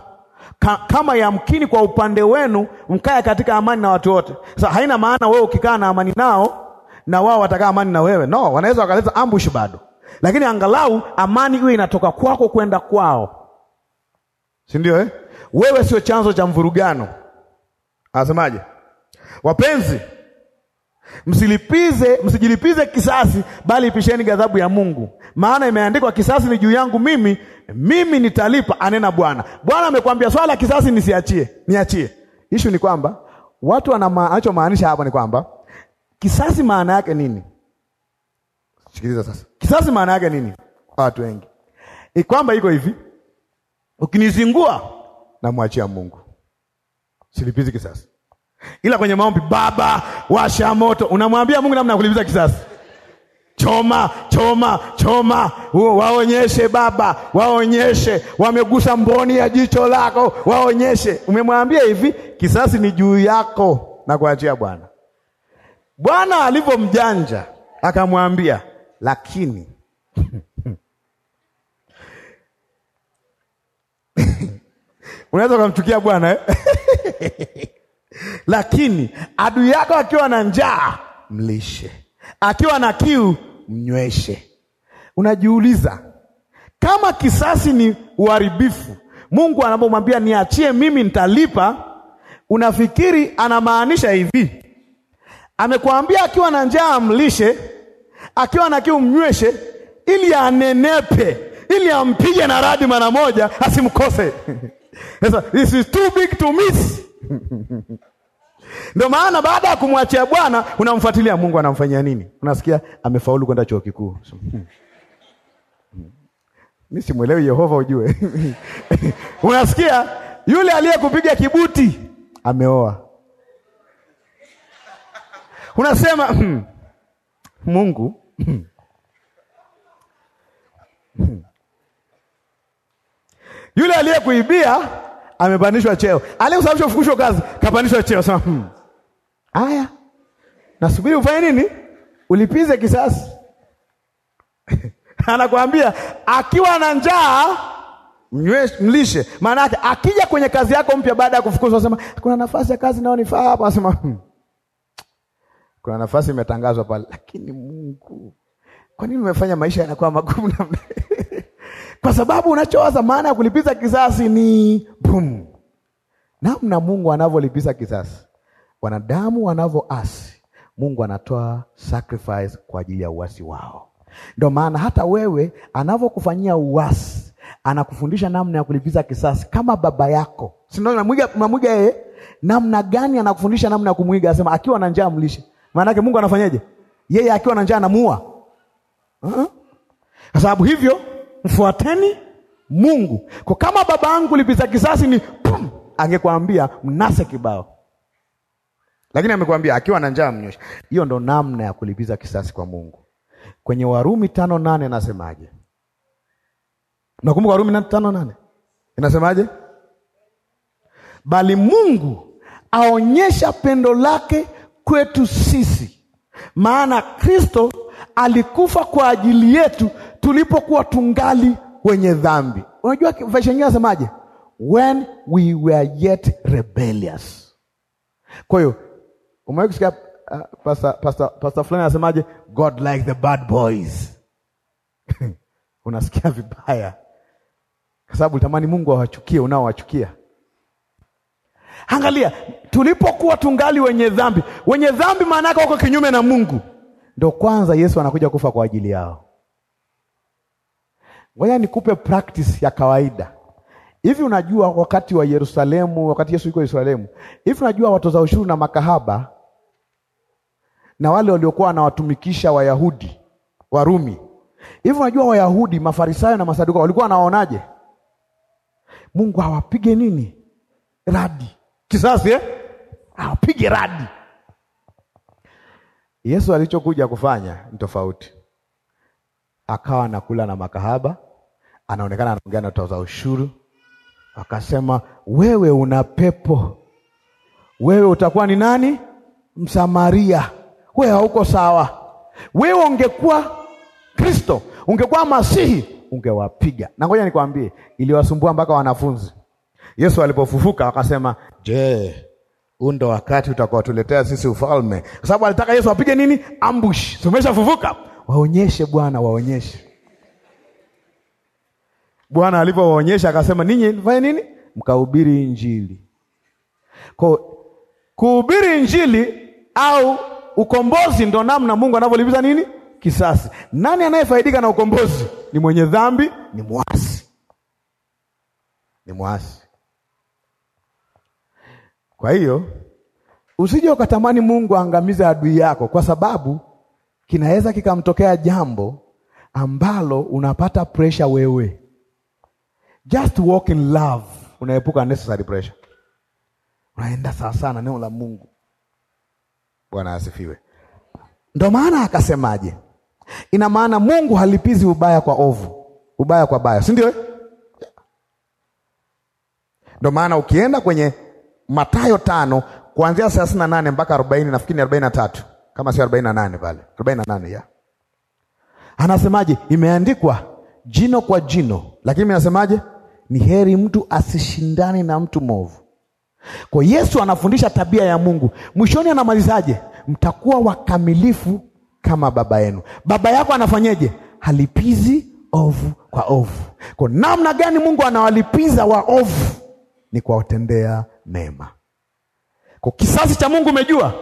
Ka, kama yamkini kwa upande wenu mkaya katika amani na watu wote. Sasa haina maana wewe ukikaa na amani nao na wao watakaa amani na wewe, no, wanaweza wakaleta ambush bado, lakini angalau amani hiyo inatoka kwako kwenda kwao, si ndio eh? Wewe sio chanzo cha mvurugano. Anasemaje? Wapenzi Msilipize, msijilipize kisasi, bali ipisheni ghadhabu ya Mungu, maana imeandikwa, kisasi ni juu yangu mimi, mimi nitalipa, anena Bwana. Bwana amekwambia swala la kisasi nisiachie, niachie. Ishu ni kwamba watu wanachomaanisha hapa ni kwamba kisasi maana yake nini? Sikiliza sasa, kisasi maana yake nini? Watu wengi kwamba iko hivi, ukinizingua namwachia Mungu, silipizi kisasi ila kwenye maombi, Baba washa moto, unamwambia Mungu namna ya kulipiza kisasi. Choma, choma, choma, waonyeshe Baba, waonyeshe wamegusa mboni ya jicho lako, waonyeshe. Umemwambia hivi, kisasi ni juu yako na kuachia Bwana. Bwana alivyomjanja akamwambia, lakini *laughs* unaweza ukamchukia Bwana eh? *laughs* Lakini adui yako akiwa na njaa mlishe, akiwa na kiu mnyweshe. Unajiuliza, kama kisasi ni uharibifu, Mungu anapomwambia niachie mimi nitalipa, unafikiri anamaanisha hivi? Amekuambia akiwa na njaa mlishe, akiwa na kiu mnyweshe, ili anenepe, ili ampige na radi mara moja asimkose. *laughs* This is too big to miss. *laughs* Ndio maana baada ya kumwachia Bwana unamfuatilia Mungu anamfanyia nini? Unasikia amefaulu kwenda chuo kikuu. *laughs* Mi simwelewi Yehova, ujue. *laughs* Unasikia yule aliyekupiga kibuti ameoa, unasema *clears throat* Mungu *clears throat* yule aliyekuibia amepandishwa cheo, alikusababisha ufukushwe kazi, kapandishwa cheo. Sema hmm. Aya, nasubiri ufanye nini? Ulipize kisasi *laughs* anakuambia akiwa na njaa mlishe. Maana yake akija kwenye kazi yako mpya baada ya kufukuzwa, sema kuna nafasi ya kazi naonifaa hapa, Sema hmm. kuna nafasi imetangazwa pale, lakini Mungu, kwa nini umefanya maisha yanakuwa magumu namna kwa sababu unachowaza maana ya kulipiza kisasi ni bum, namna Mungu anavyolipiza kisasi, wanadamu wanavyoasi, Mungu anatoa sacrifice kwa ajili ya uasi wao. Ndio maana hata wewe anavyokufanyia uasi, anakufundisha namna ya kulipiza kisasi kama baba yako, si ndio? yeye namna gani? Anakufundisha namna ya kumwiga, asema akiwa na njaa mlishe. Maana yake Mungu anafanyaje? Yeye akiwa na njaa anamuua, uh -huh. kwa sababu hivyo mfuateni Mungu. Kwa kama baba yangu lipiza kisasi ni pum, angekuambia mnase kibao, lakini amekwambia akiwa na njaa mnyosha. Hiyo ndo namna ya kulipiza kisasi kwa Mungu. Kwenye Warumi tano nane nasemaje? Nakumbuka Warumi tano nane inasemaje? Bali Mungu aonyesha pendo lake kwetu sisi, maana Kristo alikufa kwa ajili yetu tulipokuwa tungali wenye dhambi. Unajua version nyingine nasemaje? When we were yet rebellious. Kwa hiyo umewahi kusikia uh, pastor, pastor, pastor fulani anasemaje? God like the bad boys *laughs* unasikia vibaya kwa sababu tamani Mungu awachukie unaowachukia. Angalia, tulipokuwa tungali wenye dhambi, wenye dhambi maana yake wako kinyume na Mungu ndo kwanza Yesu anakuja kufa kwa ajili yao. Ngoja nikupe practice ya kawaida hivi. Unajua wakati wa Yerusalemu, wakati Yesu yuko Yerusalemu, hivi unajua watoza ushuru na makahaba na wale waliokuwa wanawatumikisha Wayahudi, Warumi, hivi unajua Wayahudi, Mafarisayo na Masaduka walikuwa wanaonaje? Mungu awapige nini? Radi kisasi eh? Awapige radi Yesu alichokuja kufanya ni tofauti. Akawa anakula na makahaba, anaonekana anaongea na toza ushuru, akasema wewe una pepo, wewe utakuwa ni nani? Msamaria, wewe hauko sawa. Wewe ungekuwa Kristo, ungekuwa Masihi, ungewapiga. Na ngoja nikwambie, iliwasumbua mpaka wanafunzi. Yesu alipofufuka wakasema, je, huu ndo wakati utakaotuletea sisi ufalme, kwa sababu alitaka Yesu apige nini? Ambush. Tumeshafufuka, waonyeshe Bwana, waonyeshe Bwana. Alipowaonyesha akasema, ninyi fanye nini? Mkahubiri Injili. Kwa kuhubiri Injili au ukombozi, ndo namna Mungu anavyolipiza nini kisasi. Nani anayefaidika na ukombozi? Ni mwenye dhambi, ni mwasi, ni mwasi kwa hiyo usije ukatamani Mungu aangamize adui yako, kwa sababu kinaweza kikamtokea jambo ambalo unapata pressure wewe. Just walk in love, unaepuka unnecessary pressure, unaenda sawa sana neno la Mungu. Bwana asifiwe. Ndo maana akasemaje? Ina maana Mungu halipizi ubaya kwa ovu, ubaya kwa baya, si ndio? Ndo maana ukienda kwenye matayo tano kuanzia thelathini na nane mpaka arobaini nafikiri arobaini na tatu kama si arobaini na nane pale arobaini na nane ya anasemaje? Imeandikwa jino kwa jino, lakini inasemaje Ni heri mtu asishindane na mtu mwovu. Kwa Yesu anafundisha tabia ya Mungu. Mwishoni anamalizaje? Mtakuwa wakamilifu kama baba yenu. Baba yako anafanyeje? Halipizi ovu kwa ovu. Kwa namna gani Mungu anawalipiza waovu? Ni kuwatendea mema. Kwa kisasi cha Mungu umejua?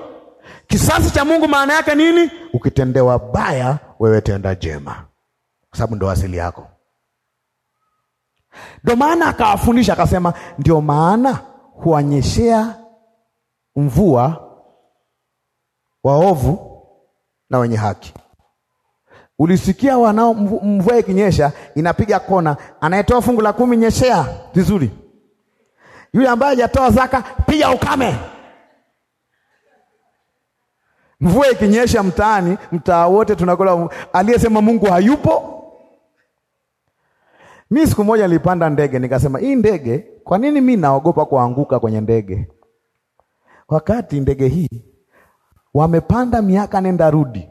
Kisasi cha Mungu maana yake nini? Ukitendewa baya, wewe tenda jema, kwa sababu ndo asili yako. Ndo maana akawafundisha akasema, ndio maana huwanyeshea mvua waovu na wenye haki. Ulisikia wanao mvua ikinyesha inapiga kona, anayetoa fungu la kumi nyeshea vizuri yule ambaye hajatoa zaka, pia ukame. Mvua ikinyesha mtaani, mtaa wote tunakula. Aliyesema Mungu hayupo. Mi siku moja nilipanda ndege, nikasema hii ndege, kwa nini mi naogopa kuanguka kwenye ndege, wakati ndege hii wamepanda miaka nenda rudi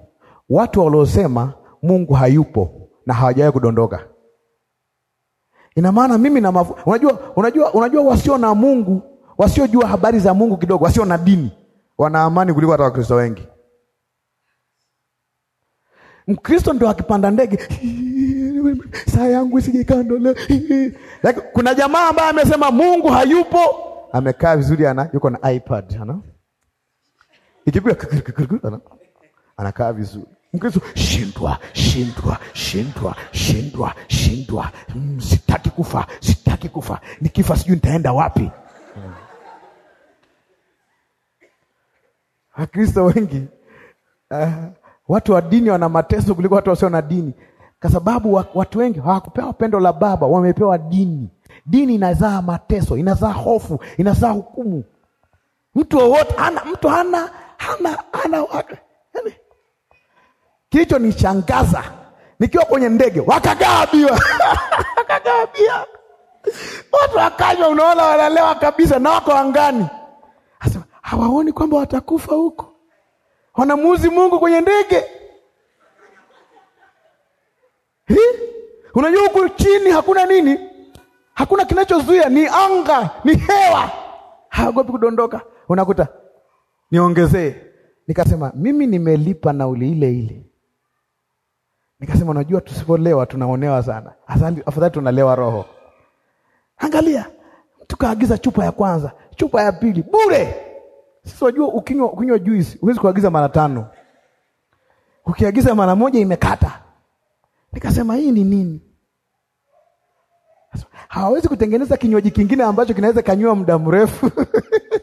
watu waliosema Mungu hayupo na hawajawahi kudondoka. Ina maana mimi na mafu... unajua, unajua, unajua wasio na Mungu, wasiojua habari za Mungu kidogo, wasio na dini wana amani kuliko hata Wakristo wengi. Mkristo ndio akipanda ndege, *laughs* saa yangu isije kando leo. *laughs* Like, kuna jamaa ambaye amesema Mungu hayupo, amekaa vizuri, ana yuko na iPad ana ikipiga *laughs* anakaa vizuri Mkristo shindwa shindwa shindwa shindwa shindwa, mm, sitaki kufa sitaki kufa, nikifa sijui nitaenda wapi? Wakristo ah, wengi uh, watu wa dini wana mateso kuliko watu wasio na dini, kwa sababu watu wengi hawakupewa pendo la Baba, wamepewa dini. Dini inazaa mateso, inazaa hofu, inazaa hukumu. Mtu wowote hana mtu hana hana hana, hana kilichonishangaza nikiwa kwenye ndege, wakagaabiwa *laughs* wakagaabia watu wakanywa, unaona wanalewa kabisa na wako angani. Asema hawaoni kwamba watakufa huko, wanamuuzi Mungu kwenye ndege. Unajua huku chini hakuna nini, hakuna kinachozuia, ni anga, ni hewa, haogopi kudondoka. Unakuta niongezee, nikasema mimi nimelipa nauli ile ile Nikasema unajua, tusipolewa tunaonewa sana, afadhali tunalewa roho. Angalia, tukaagiza chupa ya kwanza, chupa ya pili bure. Sisi wajua, ukinywa ukinywa juisi huwezi kuagiza mara tano, ukiagiza mara moja imekata. Nikasema hii ni nini? Hawawezi kutengeneza kinywaji kingine ambacho kinaweza kanywa muda mrefu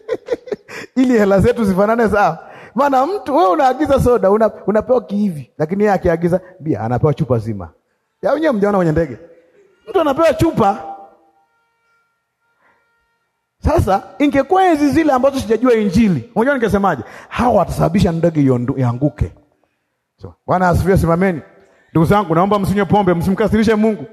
*laughs* ili hela zetu zifanane sawa maana mtu wewe unaagiza soda una, unapewa kihivi, lakini yeye akiagiza bia anapewa chupa zima. Ya wenyewe mjaona kwenye ndege, mtu anapewa chupa. Sasa ingekuwa hizi zile ambazo sijajua Injili, unajua ningesemaje? Hawa watasababisha ndege ianguke. So, Bwana asifiwe. Simameni ndugu zangu, naomba msinywe pombe, msimkasirishe Mungu.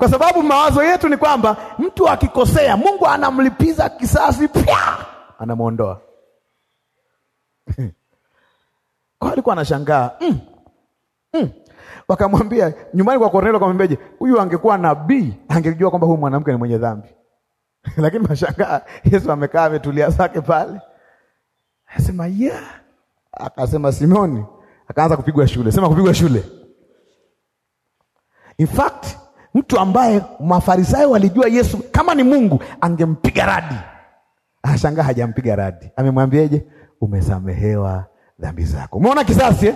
kwa sababu mawazo yetu ni kwamba mtu akikosea Mungu anamlipiza kisasi, pia anamwondoa *laughs* kwa alikuwa anashangaa mm. mm. Wakamwambia nyumbani kwa Kornelio, wakamwambiaje, huyu angekuwa nabii angejua kwamba huyu mwanamke ni mwenye dhambi *laughs* lakini mashangaa, Yesu amekaa ametulia zake pale, asema yeah. Akasema Simoni, akaanza kupigwa shule, sema kupigwa shule. In fact mtu ambaye Mafarisayo walijua Yesu kama ni Mungu angempiga radi. Ashangaa hajampiga radi, amemwambiaje? Umesamehewa dhambi zako. Umeona kisasi eh?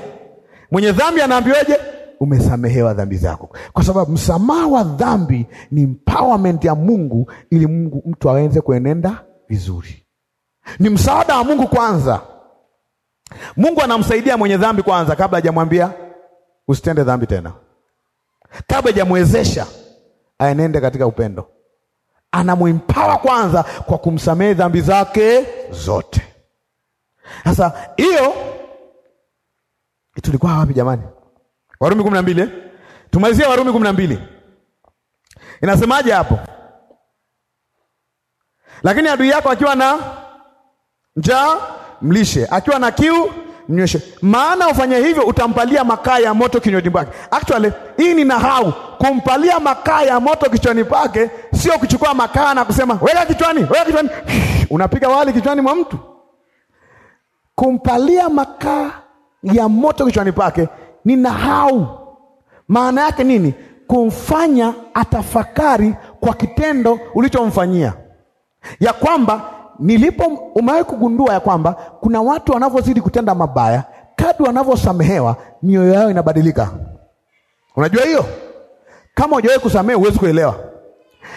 Mwenye dhambi anaambiwaje? Umesamehewa dhambi zako, kwa sababu msamaha wa dhambi ni empowerment ya Mungu ili Mungu mtu aweze kuenenda vizuri. Ni msaada wa Mungu kwanza. Mungu anamsaidia mwenye dhambi kwanza kabla hajamwambia usitende dhambi tena kabla hajamwezesha aenende katika upendo, anamwimpawa kwanza kwa kumsamehe dhambi zake zote. Sasa hiyo tulikuwa wapi jamani? Warumi kumi na mbili eh? Tumalizia Warumi kumi na mbili inasemaje hapo? Lakini adui yako akiwa na njaa mlishe, akiwa na kiu mnyweshe, maana ufanye hivyo utampalia makaa ya moto kinywani pake. Actually hii ni nahau, kumpalia makaa ya moto kichwani pake, sio kuchukua makaa na kusema weka kichwani, weka kichwani, *sighs* unapiga wali kichwani mwa mtu. Kumpalia makaa ya moto kichwani pake ni nahau. Maana yake nini? Kumfanya atafakari kwa kitendo ulichomfanyia, ya kwamba nilipo umewahi kugundua ya kwamba kuna watu wanavyozidi kutenda mabaya, kadri wanavyosamehewa mioyo yao inabadilika. Unajua hiyo, kama hujawahi kusamehe huwezi kuelewa,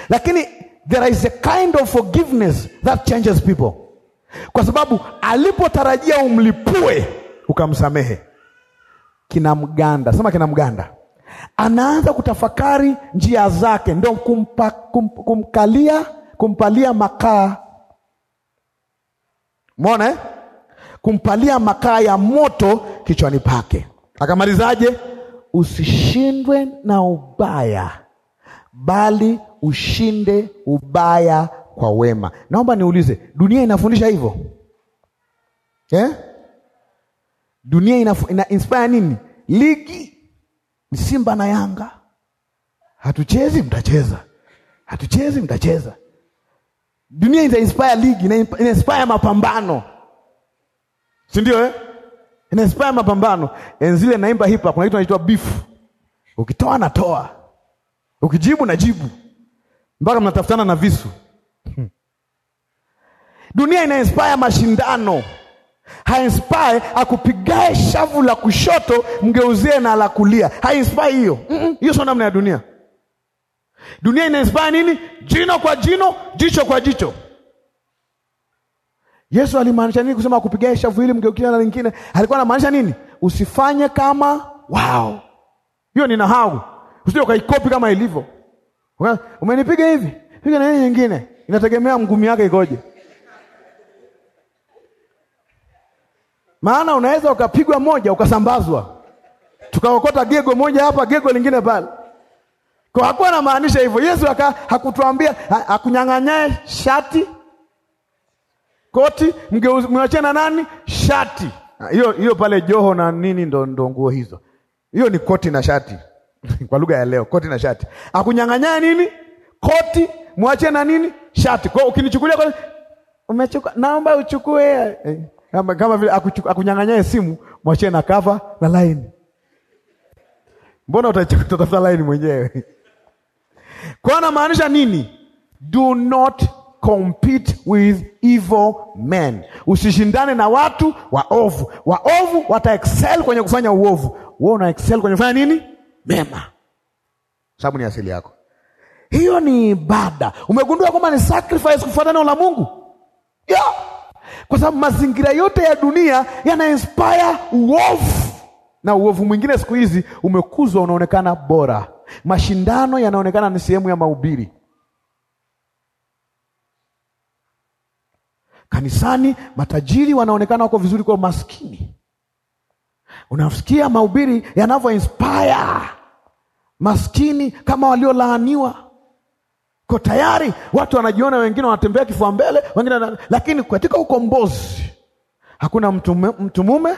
lakini there is a kind of forgiveness that changes people, kwa sababu alipotarajia umlipue ukamsamehe, kinamganda. Sema kinamganda, anaanza kutafakari njia zake, ndio kumpa, kum, kumkalia kumpalia makaa mwone eh? Kumpalia makaa ya moto kichwani pake. Akamalizaje? Usishindwe na ubaya, bali ushinde ubaya kwa wema. Naomba niulize, dunia inafundisha hivyo eh? Dunia ina, ina inspire nini? Ligi ni Simba na Yanga, hatuchezi mtacheza, hatuchezi mtacheza Dunia ina inspire ligi, ina inspire mapambano, si ndio eh? Ina inspire mapambano. Enzile naimba hip hop, kuna kitu kinaitwa beef. Ukitoa natoa, ukijibu najibu, mpaka mnatafutana na visu. Dunia ina inspire mashindano, hainspire akupigae shavu la kushoto mgeuzie na la kulia. Hainspire hiyo hiyo, mm -mm. Sio namna ya dunia. Dunia inainspire nini? Jino kwa jino, jicho kwa jicho. Yesu alimaanisha nini kusema kupiga shavu hili mgeukia na lingine? Alikuwa anamaanisha nini? Usifanye kama wao. Hiyo ni nahau, usije ukaikopi kama ilivyo. Umenipiga hivi, piga na nini nyingine, inategemea ngumi yake ikoje. Maana unaweza ukapigwa moja ukasambazwa, tukaokota gego moja hapa, gego lingine pale. Kwa hakuwa anamaanisha hivyo. Yesu aka hakutuambia akunyang'anyae shati koti, mwache na nani shati hiyo hiyo pale joho na nini, ndo ndo nguo hizo. Hiyo ni koti na shati *laughs* kwa lugha ya leo, koti na shati. Akunyang'anyae nini? Koti, mwachie na nini shati. Kwa ukinichukulia kwa umechukua, naomba uchukue eh, kama, kama vile akunyang'anyae simu, mwachie na kava na laini. Mbona utatafuta laini mwenyewe? *laughs* Kwa anamaanisha nini? Do not compete with evil men, usishindane na watu waovu. Waovu wata excel kwenye kufanya uovu, wewe una excel kwenye kufanya nini? Mema, sababu ni asili yako. Hiyo ni ibada. Umegundua kwamba ni sacrifice kufuata neno la Mungu ya kwa sababu mazingira yote ya dunia yana inspire uovu, na uovu mwingine siku hizi umekuzwa unaonekana bora mashindano yanaonekana ni sehemu ya mahubiri. Kanisani matajiri wanaonekana wako vizuri kwa maskini. Unafikia mahubiri yanavyo inspire maskini kama waliolaaniwa ko tayari watu wanajiona, wengine wanatembea kifua mbele, wengine. Lakini katika ukombozi hakuna mtu mume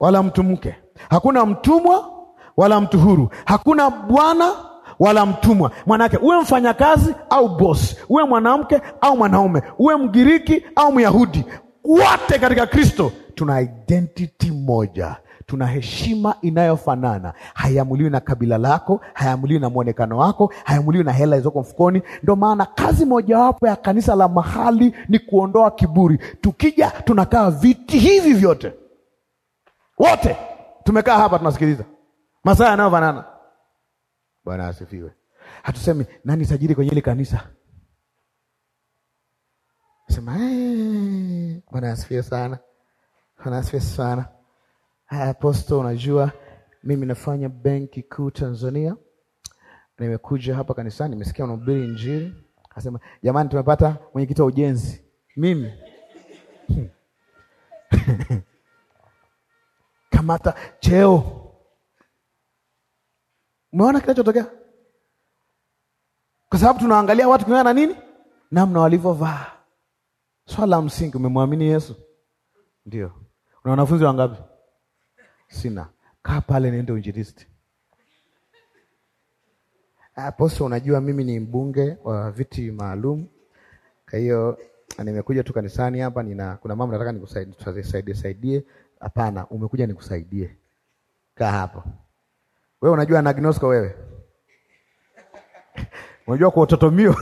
wala mtu mke, hakuna mtumwa wala mtu huru, hakuna bwana wala mtumwa. Mwanake uwe mfanyakazi au bosi, uwe mwanamke au mwanaume, uwe Mgiriki au Myahudi, wote katika Kristo tuna identity moja tuna heshima inayofanana. Haiamuliwi na kabila lako, haiamuliwi na mwonekano wako, haiamuliwi na hela izoko mfukoni. Ndo maana kazi mojawapo ya kanisa la mahali ni kuondoa kiburi. Tukija tunakaa viti hivi vyote, wote tumekaa hapa tunasikiliza masaa yanayofanana. Bwana asifiwe. Hatusemi nani sajili kwenye ile kanisa, sema eh, Bwana asifiwe sana, Bwana asifiwe sana. Haya, Aposto, unajua mimi nafanya benki kuu Tanzania, nimekuja hapa kanisani, nimesikia unahubiri Injili. Asema jamani, tumepata mwenyekiti wa ujenzi. Mimi *laughs* kamata cheo Umeona kinachotokea? Kwa sababu tunaangalia watu kinywa na nini, namna walivyovaa. Swala la msingi, umemwamini Yesu? Ndio. Una wanafunzi wangapi? Sina. Kaa pale, niende uinjilisti. Aposto, unajua mimi ni mbunge wa viti maalum, kwa hiyo nimekuja tu kanisani hapa, nina kuna mambo nataka nikusaidie saidie. Hapana, umekuja nikusaidie, kaa hapo. Wewe unajua anagnosko wewe unajua kuototomio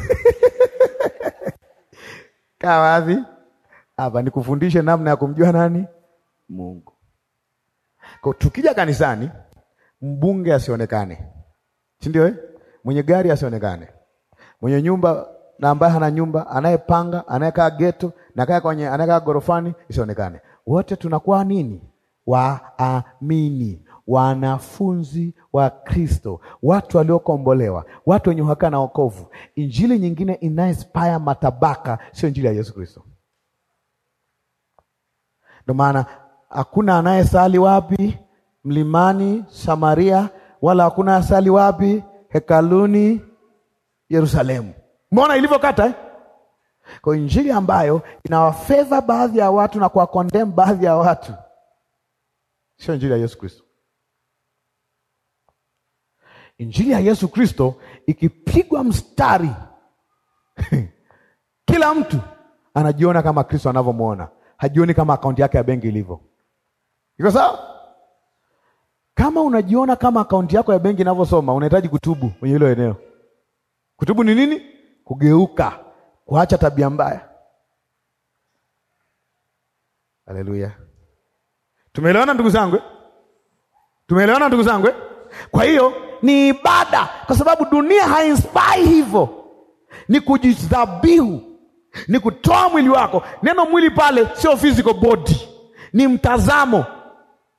kaa wazi hapa, nikufundishe namna ya kumjua nani Mungu. Kwa tukija kanisani, mbunge asionekane, si ndio eh? Mwenye gari asionekane, mwenye nyumba na ambaye hana nyumba, anayepanga, anayekaa geto na kaya kwenye, anayekaa gorofani isionekane. Wote tunakuwa nini? Waamini wanafunzi wa Kristo, watu waliokombolewa, watu wenye uhakika na wokovu. Injili nyingine inayespaya matabaka, sio injili ya Yesu Kristo. Ndio maana hakuna anayesali wapi? Mlimani Samaria, wala hakuna asali wapi? Hekaluni Yerusalemu. Mbona ilivyokata eh? Kwa injili ambayo inawafeva baadhi ya watu na kuwakondem baadhi ya watu, sio injili ya Yesu Kristo. Injili ya Yesu Kristo ikipigwa mstari *laughs* kila mtu anajiona kama Kristo anavyomwona, hajioni kama akaunti yake ya benki ilivyo. Iko sawa? Kama unajiona kama akaunti yako ya benki inavyosoma, unahitaji kutubu kwenye hilo eneo. Kutubu ni nini? Kugeuka, kuacha tabia mbaya. Haleluya, tumeelewana ndugu zangu, tumeelewana ndugu zangu. Kwa hiyo ni ibada, kwa sababu dunia hainspai hivyo. Ni kujidhabihu, ni kutoa mwili wako. Neno mwili pale sio physical body, ni mtazamo.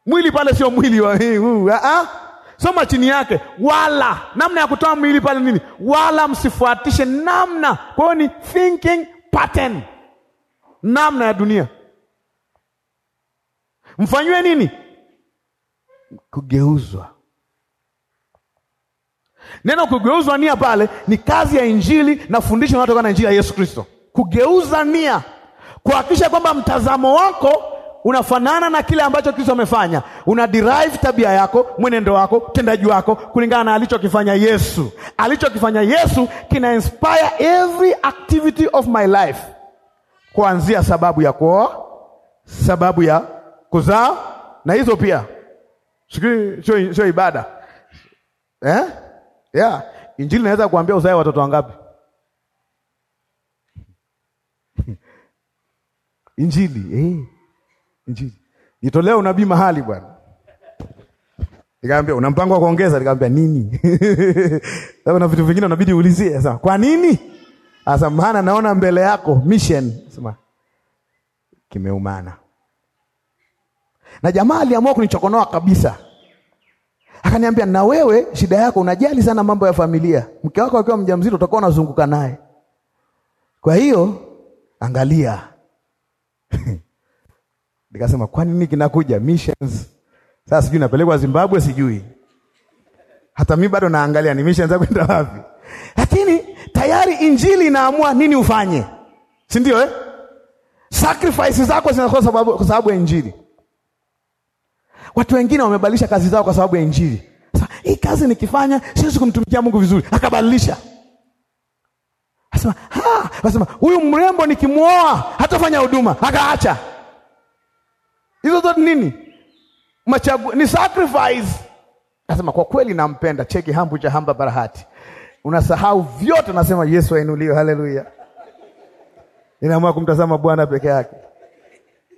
Mwili pale sio mwili wa uh, uh. Soma chini yake, wala namna ya kutoa mwili pale nini, wala msifuatishe namna. Kwa hiyo ni thinking pattern, namna ya dunia. Mfanywe nini? Kugeuzwa Neno kugeuzwa nia pale ni kazi ya Injili na fundisho linalotoka na Injili ya Yesu Kristo, kugeuza nia, kuhakikisha kwamba mtazamo wako unafanana na kile ambacho Kristo amefanya. Una derive tabia yako, mwenendo wako, utendaji wako kulingana na alichokifanya Yesu. Alichokifanya Yesu kina inspire every activity of my life, kuanzia sababu ya kuoa, sababu ya kuzaa, na hizo pia sio ibada eh? yeah. Injili inaweza kuambia uzae watoto wangapi? *laughs* Injili eh. Injili nitolee unabii mahali bwana, Nikamwambia una mpango wa kuongeza, nikamwambia nini? *laughs* na vitu vingine unabidi uulizie sasa, kwa nini sasa? Maana naona mbele yako mission, sema kimeumana na jamaa aliamua kunichokonoa kabisa Akaniambia, na wewe shida yako unajali sana mambo ya familia. Mke wako akiwa mjamzito utakuwa unazunguka naye, kwa hiyo angalia. *laughs* Nikasema, kwa nini kinakuja missions? Sasa sijui napelekwa Zimbabwe, sijui hata mi bado naangalia ni missions za kwenda wapi, lakini tayari injili inaamua nini ufanye, si ndio eh? Sacrifices zako zinakuwa sababu kwa sababu ya injili. Watu wengine wamebadilisha kazi zao kwa sababu ya Injili. Sasa hii kazi nikifanya siwezi kumtumikia Mungu vizuri, akabadilisha Asema, huyu mrembo nikimwoa hatafanya huduma, akaacha. Hizo zote nini? machagu ni sacrifice. Asema kwa kweli nampenda, cheki hambu cha hamba barahati. Unasahau vyote, nasema Yesu ainuliwe, haleluya. Ninaamua kumtazama Bwana peke yake.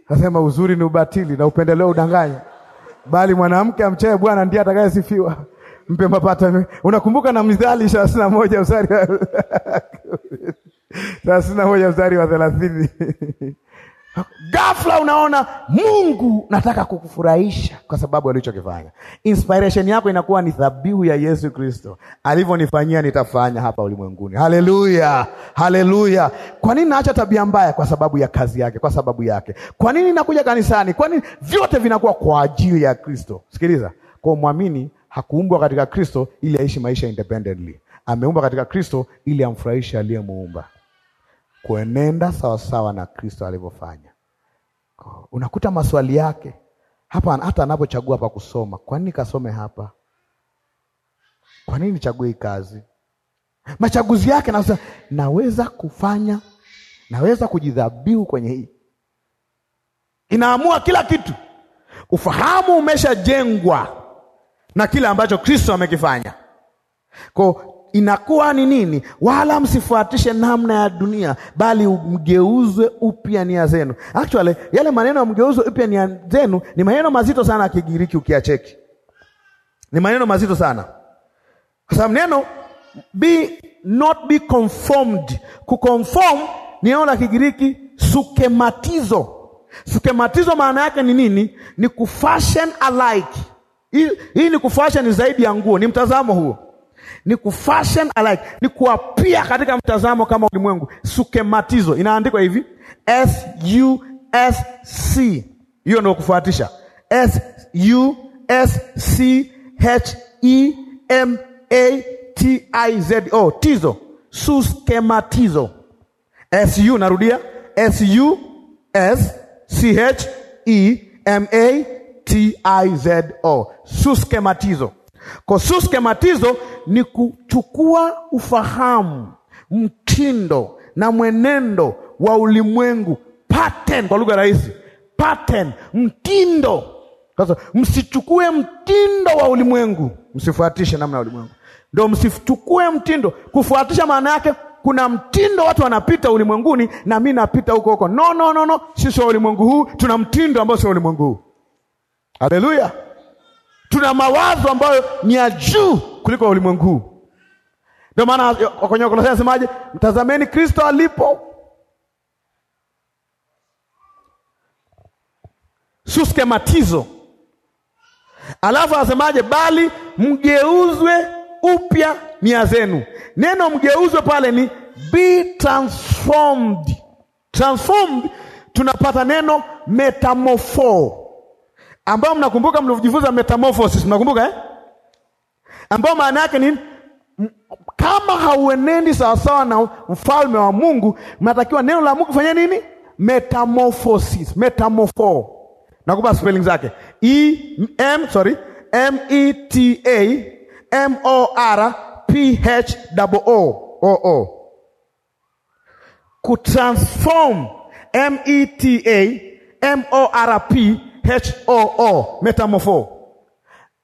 Nasema uzuri ni ubatili na upendeleo udanganya bali mwanamke amchaye Bwana ndiye atakayesifiwa. Mpe mapato. Unakumbuka na Mithali 31 mstari wa 31 *laughs* mstari wa 30. Ghafla unaona Mungu nataka kukufurahisha kwa sababu alichokifanya. Inspiration yako inakuwa ni dhabihu ya Yesu Kristo, alivyonifanyia nitafanya hapa ulimwenguni. Haleluya, haleluya. Kwa nini naacha tabia mbaya? Kwa sababu ya kazi yake, kwa sababu yake. Kwa nini nakuja kanisani? Kwa nini vyote vinakuwa kwa ajili ya Kristo? Sikiliza, kwa mwamini hakuumbwa katika Kristo ili aishi maisha independently, ameumbwa katika Kristo ili amfurahishe aliyemuumba kuenenda sawasawa na Kristo alivyofanya. Unakuta maswali yake hapa, hata anapochagua pa kusoma, kwa nini kasome hapa? Kwa nini nichague hii kazi? Machaguzi yake na naweza kufanya, naweza kujidhabihu kwenye hii, inaamua kila kitu. Ufahamu umeshajengwa na kile ambacho Kristo amekifanya. Kwa inakuwa ni nini? Wala msifuatishe namna ya dunia, bali mgeuzwe upya nia zenu. Actually yale maneno ya mgeuzwe upya nia zenu ni maneno mazito sana ya Kigiriki, ukiacheki ni maneno mazito sana, kwa sababu neno be not be conformed, kuconform ni neno la Kigiriki sukematizo. Sukematizo maana yake ni nini? Ni kufashion alike. Hii ni kufashion zaidi ya nguo, ni mtazamo huo ni kufashion alike, ni kuapia katika mtazamo kama ulimwengu. Sukematizo inaandikwa hivi S U S C, hiyo ndio kufuatisha S U S C H E M A T I Z O, tizo suskematizo. S U, narudia S U S C H E M A T I Z O, suskematizo Kosus kematizo ni kuchukua ufahamu, mtindo na mwenendo wa ulimwengu, pattern, kwa lugha rahisi, pattern, mtindo. Sasa msichukue mtindo wa ulimwengu, msifuatishe namna ya ulimwengu, ndo msichukue mtindo. Kufuatisha maana yake kuna mtindo watu wanapita ulimwenguni, na mi napita huko huko. No, no, no, no, sisi wa ulimwengu huu tuna mtindo ambao sio ulimwengu huu. Haleluya! Tuna mawazo ambayo ni ya juu kuliko ulimwengu Ndio maana kwenye Wakolosai asemaje? Mtazameni Kristo alipo. Suskematizo. Alafu asemaje? Bali mgeuzwe upya nia zenu. Neno mgeuzwe pale ni be transformed. Transformed tunapata neno metamorpho ambao mnakumbuka mlivyojifunza metamorphosis, mnakumbuka eh? ambao maana yake ni Kama hauenendi sawasawa na mfalme wa Mungu, mnatakiwa neno la Mungu fanya nini? Metamorphosis, metamorpho. Nakupa spelling zake E M sorry M E T A M O R P H O O O kutransform M E T A M O R P H O O,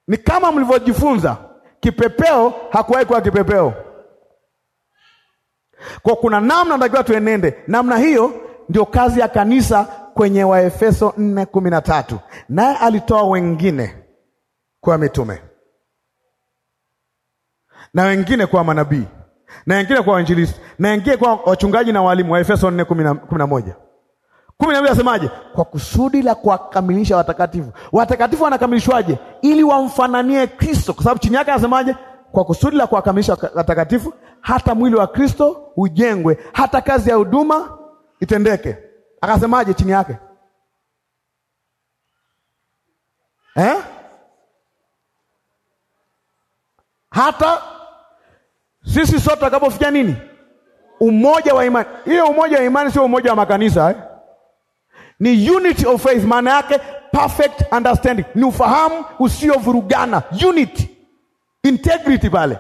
Ni kama mlivyojifunza, kipepeo hakuwahi kuwa kipepeo. Kwa kuna namna natakiwa tuenende, namna hiyo ndio kazi ya kanisa kwenye Waefeso nne kumi na tatu, naye alitoa wengine kwa mitume na wengine kwa manabii na wengine kwa wainjilisti na wengine kwa wachungaji na walimu, Waefeso nne kumi na moja kumi na mbili asemaje? Kwa kusudi la kuwakamilisha watakatifu. Watakatifu wanakamilishwaje? Ili wamfananie Kristo, kwa sababu chini yake anasemaje? Kwa kusudi la kuwakamilisha watakatifu, hata mwili wa Kristo ujengwe, hata kazi ya huduma itendeke. Akasemaje chini yake eh? hata sisi sote tutakapofikia nini? Umoja wa imani. Hiyo umoja wa imani sio umoja wa makanisa eh? ni unity of faith, maana yake perfect understanding, ni ufahamu usiovurugana, unity integrity pale.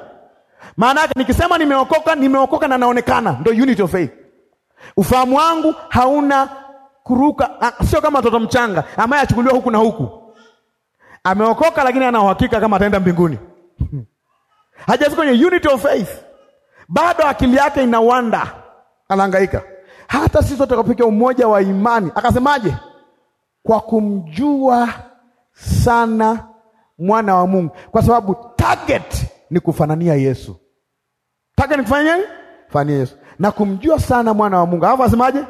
Maana yake nikisema nimeokoka, nimeokoka na naonekana, ndio unity of faith. Ufahamu wangu hauna kuruka, ah, sio kama mtoto mchanga ambaye achukuliwa huku na huku. Ameokoka lakini ana uhakika kama ataenda mbinguni *laughs* hajafika kwenye unity of faith, bado akili yake inawanda, anahangaika hata sisi sote tukafikia umoja wa imani. Akasemaje? Kwa kumjua sana mwana wa Mungu, kwa sababu target ni kufanania Yesu. Target ni kufanya nini? Yesu na kumjua sana mwana wa Mungu. Alafu asemaje?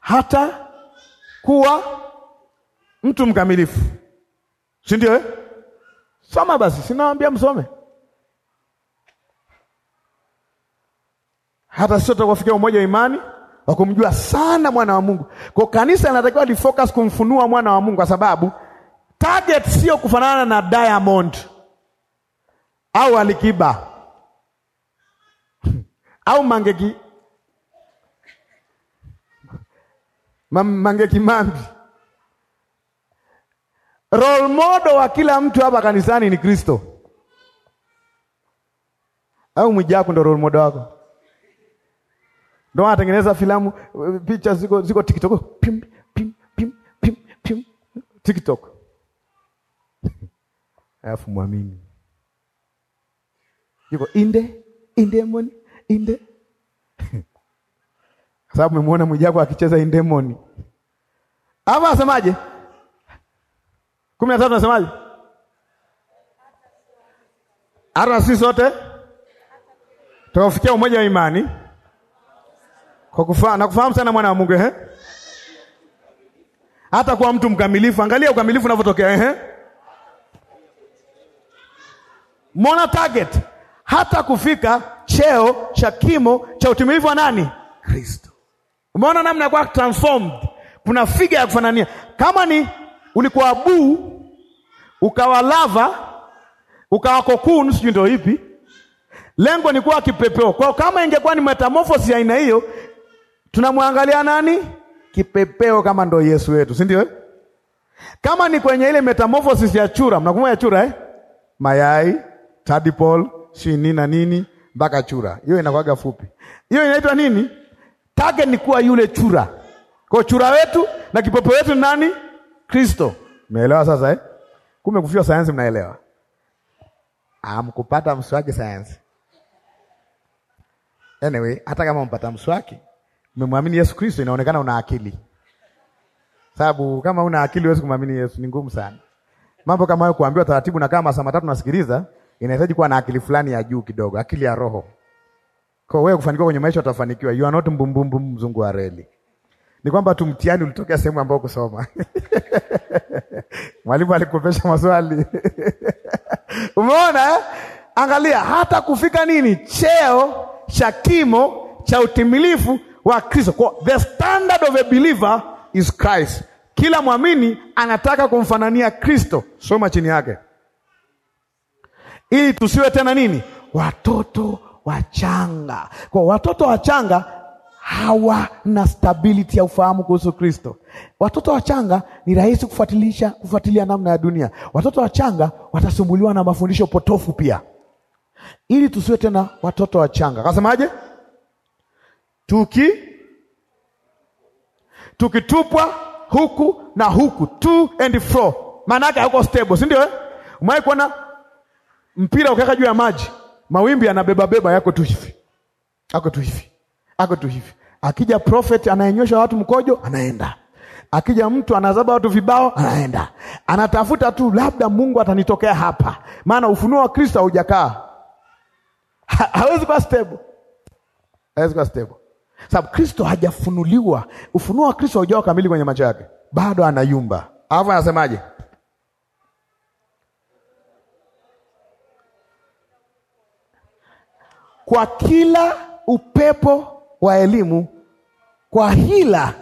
Hata kuwa mtu mkamilifu, si ndio eh? Soma basi, sinawambia msome. hata sisi tutakuwa kufikia umoja wa imani wa kumjua sana mwana wa Mungu. Kwa kanisa linatakiwa lifocus kumfunua mwana wa Mungu, kwa sababu target sio kufanana na Diamond au Alikiba *laughs* au Mangeki Mangeki Mambi. Role model wa kila mtu hapa kanisani ni Kristo. Au Mwijaku ndo role model wako? Ndio anatengeneza filamu, picha ziko ziko TikTok, pim pim pim pim pim TikTok. *laughs* Alafu mwamini. Yuko inde indemoni inde. *laughs* Kwa sababu umemwona Mwijaku akicheza indemoni. hapa asemaje? Kumi na tatu nasemaje? Hata sisi sote tukafikia umoja wa imani kwa kufahamu sana mwana wa Mungu eh? Hata kuwa mtu mkamilifu, angalia ukamilifu unavyotokea eh? Mona target hata kufika cheo cha kimo cha utimilifu wa nani? Kristo. Umeona namna ya kuwa transformed. Kuna figa ya kufanania. Kama ni ulikuwa buu ukawa lava ukawa kokun, sijui ndio ipi. Lengo ni kuwa kipepeo. Kwa kama ingekuwa ni metamorphosis ya aina hiyo, tunamwangalia nani? Kipepeo, kama ndo Yesu wetu, si ndio? Eh? Kama ni kwenye ile metamorphosis ya chura, mnakumbuka ya chura eh? Mayai, tadpole, shini na nini mpaka chura. Hiyo inakuwaga fupi. Hiyo inaitwa nini? Take ni kuwa yule chura. Kwa chura wetu na kipepeo wetu nani? Kristo. Umeelewa sasa eh? Kumbe kufia sayansi mnaelewa. Amkupata mswaki sayansi. Anyway, hata kama mpata mswaki Umemwamini Yesu Kristo, inaonekana una akili, sababu kama una akili huwezi kumwamini Yesu, ni ngumu sana. Mambo kama hayo kuambiwa taratibu na kama saa matatu nasikiliza, inahitaji kuwa na akili fulani ya juu kidogo, akili ya roho. Kwa wewe kufanikiwa kwenye maisha utafanikiwa. You are not mbumbumbu mzungu wa reli. Ni kwamba tu mtihani ulitokea sehemu ambayo kusoma. *laughs* Mwalimu alikupesha maswali. *laughs* Umeona? Eh? Angalia hata kufika nini cheo cha kimo cha utimilifu wa Kristo. Kwa the standard of a believer is Christ. Kila mwamini anataka kumfanania Kristo. Soma chini yake, ili tusiwe tena nini, watoto wachanga. Kwa watoto wachanga hawana stability ya ufahamu kuhusu Kristo. Watoto wachanga ni rahisi kufuatilisha, kufuatilia namna ya dunia. Watoto wachanga watasumbuliwa na mafundisho potofu pia, ili tusiwe tena watoto wachanga. Kasemaje? tuki tukitupwa huku na huku, to and fro, maana yake hauko stable, si ndio eh? Umewahi kuona mpira ukiweka juu ya maji, mawimbi yanabeba beba, yako tu hivi, ako tu hivi, ako tu hivi. Akija prophet anayenyosha watu mkojo, anaenda akija mtu anazaba watu vibao, anaenda anatafuta tu, labda Mungu atanitokea hapa, maana ufunuo wa Kristo haujakaa. Hawezi kuwa stable, hawezi kuwa stable sababu Kristo hajafunuliwa. Ufunuo wa Kristo haujawa kamili kwenye macho yake, bado anayumba. Alafu anasemaje? Kwa kila upepo wa elimu, kwa hila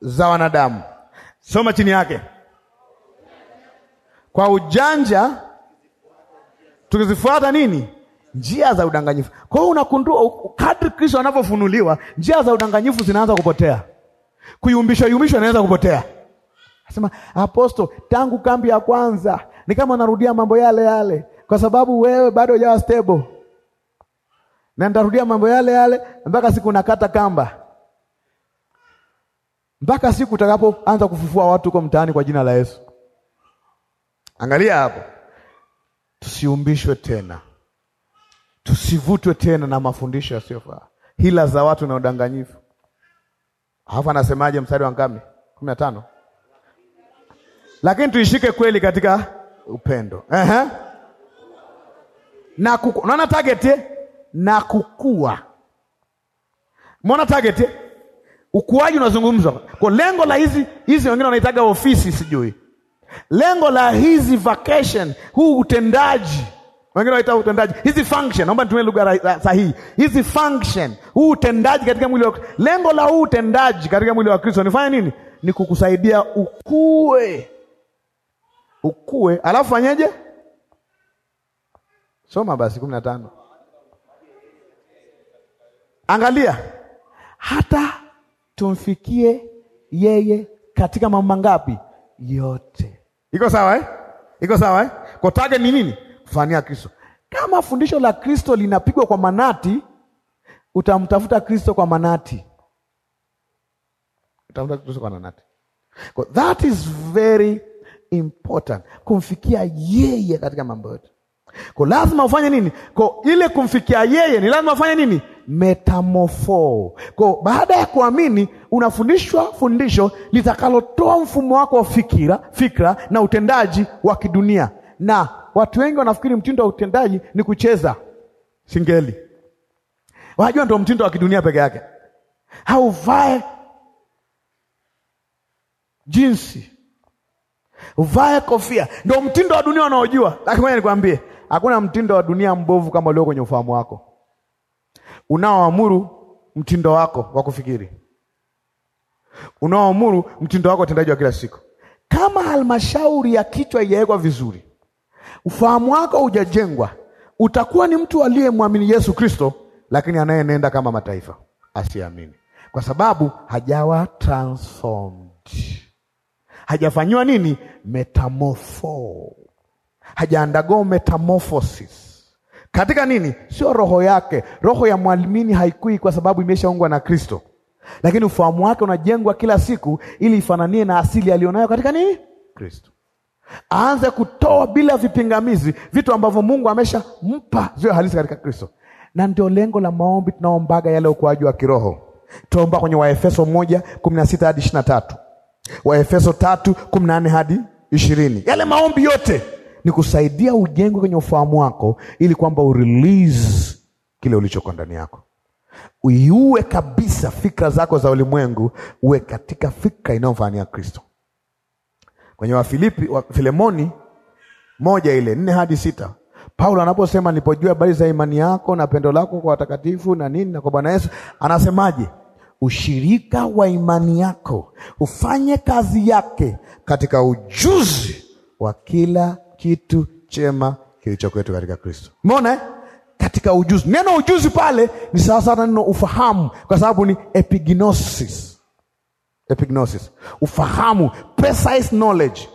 za wanadamu. Soma chini yake, kwa ujanja tukizifuata nini njia za udanganyifu. Kwa hiyo unakundua, kadri Kristo anavyofunuliwa, njia za udanganyifu zinaanza kupotea, kuyumbishwa yumbishwa inaweza kupotea. Asema aposto, tangu kambi ya kwanza ni kama narudia mambo yale yale, kwa sababu wewe bado hujawa stable, na nitarudia mambo yale yale mpaka siku nakata kamba, mpaka siku utakapoanza kufufua watu huko mtaani kwa jina la Yesu. Angalia hapo, tusiumbishwe tena. Tusivutwe tena na mafundisho yasiyofaa, hila za watu na udanganyifu. alafu anasemaje mstari wa ngapi? kumi na tano. Lakini tuishike kweli katika upendo. Ehe. Na kuku, unaona target eh? na kukua. Umeona target? Eh? Ukuaji unazungumzwa. Kwa lengo la hizi hizi wengine wanaitaga ofisi sijui. Lengo la hizi vacation, huu utendaji wengine wanaita utendaji, hizi function, naomba nitumie lugha sahihi, hizi function, huu utendaji katika mwili wa Kristo. Lengo la huu utendaji katika mwili wa Kristo nifanye nini? Ni kukusaidia ukue, ukue, alafu fanyeje? Soma basi kumi na tano. Angalia hata tumfikie yeye katika mambo mangapi? Yote. Iko sawa eh? Iko sawa eh? Kwa target ni nini? kufania Kristo. Kama fundisho la Kristo linapigwa kwa manati, utamtafuta Kristo kwa manati, utamtafuta Kristo kwa manati. That is very important, kumfikia yeye katika mambo yote. Kwa lazima ufanye nini? Kwa ile kumfikia yeye ni lazima ufanye nini? Metamofo. Kwa baada ya kuamini unafundishwa fundisho litakalotoa mfumo wako wa fikira, fikra na utendaji wa kidunia na watu wengi wanafikiri mtindo wa utendaji ni kucheza singeli. Wajua ndio mtindo wa kidunia peke yake, hauvae jinsi, uvae kofia, ndio mtindo wa dunia wanaojua. Lakini moja nikwambie, hakuna mtindo wa dunia mbovu kama ulio kwenye ufahamu wako unaoamuru mtindo wako wa kufikiri, unaoamuru mtindo wako utendaji wa kila siku. Kama halmashauri ya kichwa ijawekwa vizuri ufahamu wako hujajengwa, utakuwa ni mtu aliyemwamini Yesu Kristo, lakini anayenenda kama mataifa asiamini, kwa sababu hajawa transformed, hajafanyiwa nini, metamorfo, hajaandago metamorphosis katika nini? Sio roho yake. Roho ya mwamini haikui kwa sababu imeshaungwa na Kristo, lakini ufahamu wake unajengwa kila siku ili ifananie na asili aliyonayo katika nini, Kristo aanze kutoa bila vipingamizi vitu ambavyo Mungu ameshampa ziwe halisi katika Kristo, na ndio lengo la maombi tunaombaga yale ukuaji wa kiroho. Tuomba kwenye Waefeso moja kumi na sita hadi ishirini na tatu Waefeso tatu kumi na nne hadi ishirini Yale maombi yote ni kusaidia ujengwe kwenye ufahamu wako, ili kwamba urelease kile ulichokwa ndani yako, uiue kabisa fikra zako za ulimwengu, uwe katika fikra inayomfanyia Kristo. Wenye Wafilipi wa Filemoni moja ile nne hadi sita Paulo anaposema nilipojua habari za imani yako na pendo lako kwa watakatifu na nini na kwa Bwana Yesu, anasemaje? Ushirika wa imani yako ufanye kazi yake katika ujuzi wa kila kitu chema kilicho kwetu katika Kristo. Umeona, eh? katika ujuzi. Neno ujuzi pale ni sawasawa na neno ufahamu, kwa sababu ni epignosis Epignosis, ufahamu, precise knowledge.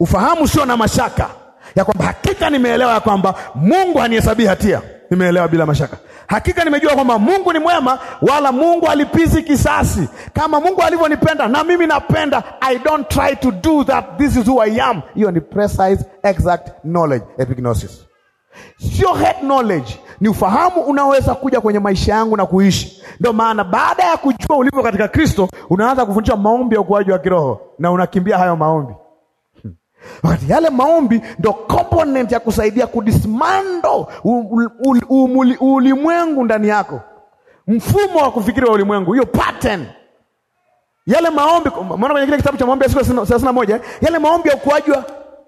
Ufahamu sio na mashaka ya kwamba hakika nimeelewa ya kwamba Mungu hanihesabii hatia, nimeelewa bila mashaka. Hakika nimejua kwamba Mungu ni mwema, wala Mungu alipizi kisasi. Kama Mungu alivyonipenda na mimi napenda. I don't try to do that, this is who I am. Hiyo ni precise exact knowledge, epignosis sio head knowledge, ni ufahamu unaoweza kuja kwenye maisha yangu na kuishi. Ndio maana baada ya kujua ulivyo katika Kristo, unaanza kufundisha maombi ya ukuaji wa kiroho na unakimbia hayo maombi hmm. Wakati yale maombi ndo component ya kusaidia kudismando ulimwengu ndani yako, mfumo wa kufikiri wa ulimwengu, hiyo pattern yale maombi. Maana kwenye kile kitabu cha maombi ya siku thelathini na moja yale maombi ya ukuaji wa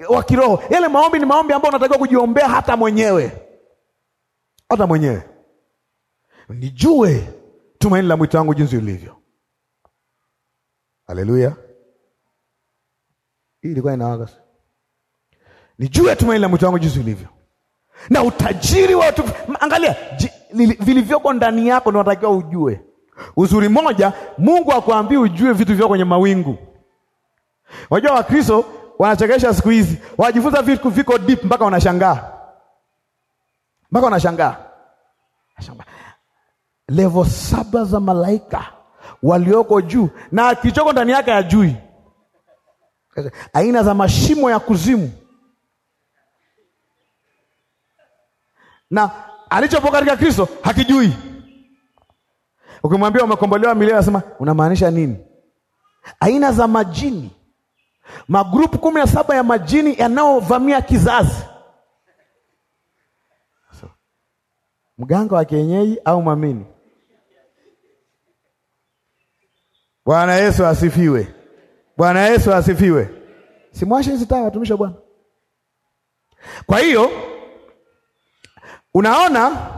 wa kiroho. Yale maombi ni maombi ambayo unatakiwa kujiombea hata mwenyewe, hata mwenyewe. Nijue tumaini la mwito wangu jinsi ulivyo. Haleluya! Hii ilikuwa inawaga. Nijue tumaini la mwito wangu jinsi ulivyo, na utajiri wa utukufu. angalia vilivyoko ndani yako, ndio unatakiwa ujue. Uzuri moja, Mungu akuambii ujue vitu vyao kwenye mawingu. Wajua Wakristo wanachekesha siku hizi, wajifunza vitu viko deep mpaka wanashangaa, mpaka wanashangaa. Levo saba za malaika walioko juu na kichoko ndani yake hajui, aina za mashimo ya kuzimu na alichopo katika Kristo hakijui. Ukimwambia umekombolewa milele, anasema unamaanisha nini? Aina za majini magrupu kumi na saba ya majini yanayovamia kizazi. So, mganga wa kienyeji au mwamini? Bwana Yesu asifiwe! Bwana Yesu asifiwe! Simwashe hizi taa, watumisha Bwana. Kwa hiyo unaona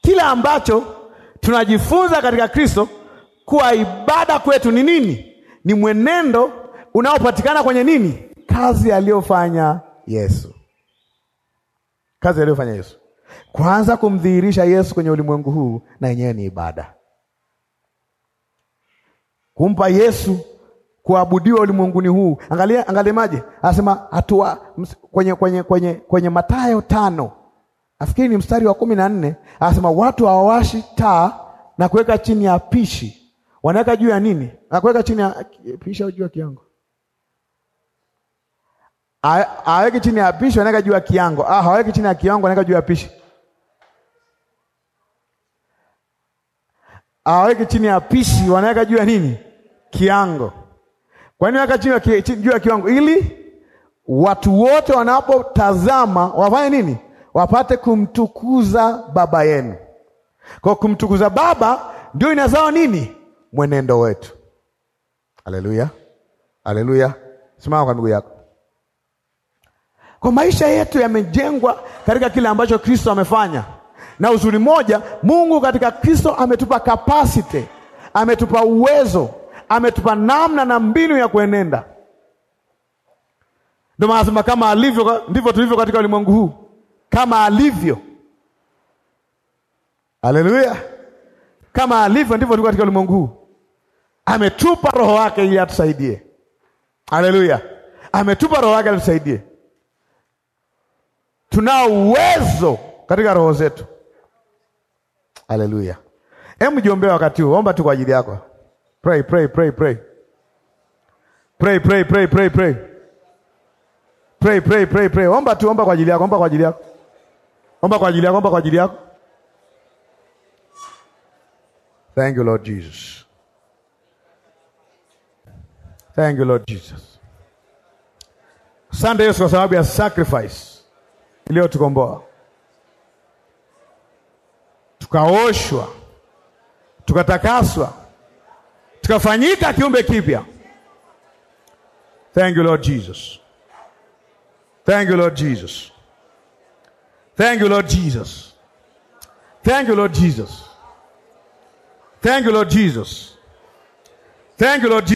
kila ambacho tunajifunza katika Kristo kuwa ibada kwetu ni nini? Ni mwenendo unaopatikana kwenye nini? Kazi aliyofanya Yesu, kazi aliyofanya Yesu. Kwanza kumdhihirisha Yesu kwenye ulimwengu huu, na yenyewe ni ibada. Kumpa Yesu kuabudiwa ulimwenguni huu. Angalia, maji Anasema hatua kwenye, kwenye, kwenye, kwenye Mathayo tano nafikiri ni mstari wa kumi na nne anasema watu hawawashi taa na kuweka chini ya pishi, wanaweka juu ya nini? Na kuweka chini ya pishi au juu ya kiango aweke chini ya pishi, anaweka juu ya kiango. Ah, haweki chini ya kiango, anaweka juu ya pishi. Aweke chini ya pishi, wanaweka juu ya nini? Kiango. Kwa nini weka juu ya kiango? Ili watu wote wanapotazama wafanye nini? Wapate kumtukuza baba yenu. Kwa kumtukuza baba ndio inazao nini? Mwenendo wetu. Haleluya, haleluya. Simama kwa miguu yako. Kwa maisha yetu yamejengwa katika kile ambacho Kristo amefanya, na uzuri moja, Mungu katika Kristo ametupa kapasiti, ametupa uwezo, ametupa namna na mbinu ya kuenenda. Ndio maana nasema kama alivyo ndivyo tulivyo katika ulimwengu huu, kama alivyo. Haleluya! Kama alivyo ndivyo tulivyo katika ulimwengu huu. Ametupa roho wake ili atusaidie. Haleluya! Ametupa roho wake atusaidie tunao uwezo katika roho zetu. Haleluya! Hebu jiombea wakati huu, omba tu kwa ajili yako. Pray, pray, pray, pray. Pray, pray, pray, pray, pray. Pray, pray, pray, pray. Omba tu, omba kwa ajili yako, omba kwa ajili yako. Omba kwa ajili yako, omba kwa ajili yako. Thank you, Lord Jesus. Thank you, Lord Jesus. Asante Yesu kwa sababu ya sacrifice iliyotukomboa, tukaoshwa, tukatakaswa, tukafanyika kiumbe kipya. Thank you Lord Jesus. Thank you Lord Jesus. Thank you Lord Jesus. Thank you Lord Jesus. Thank you Lord Jesus. Thank you Lord Jesus.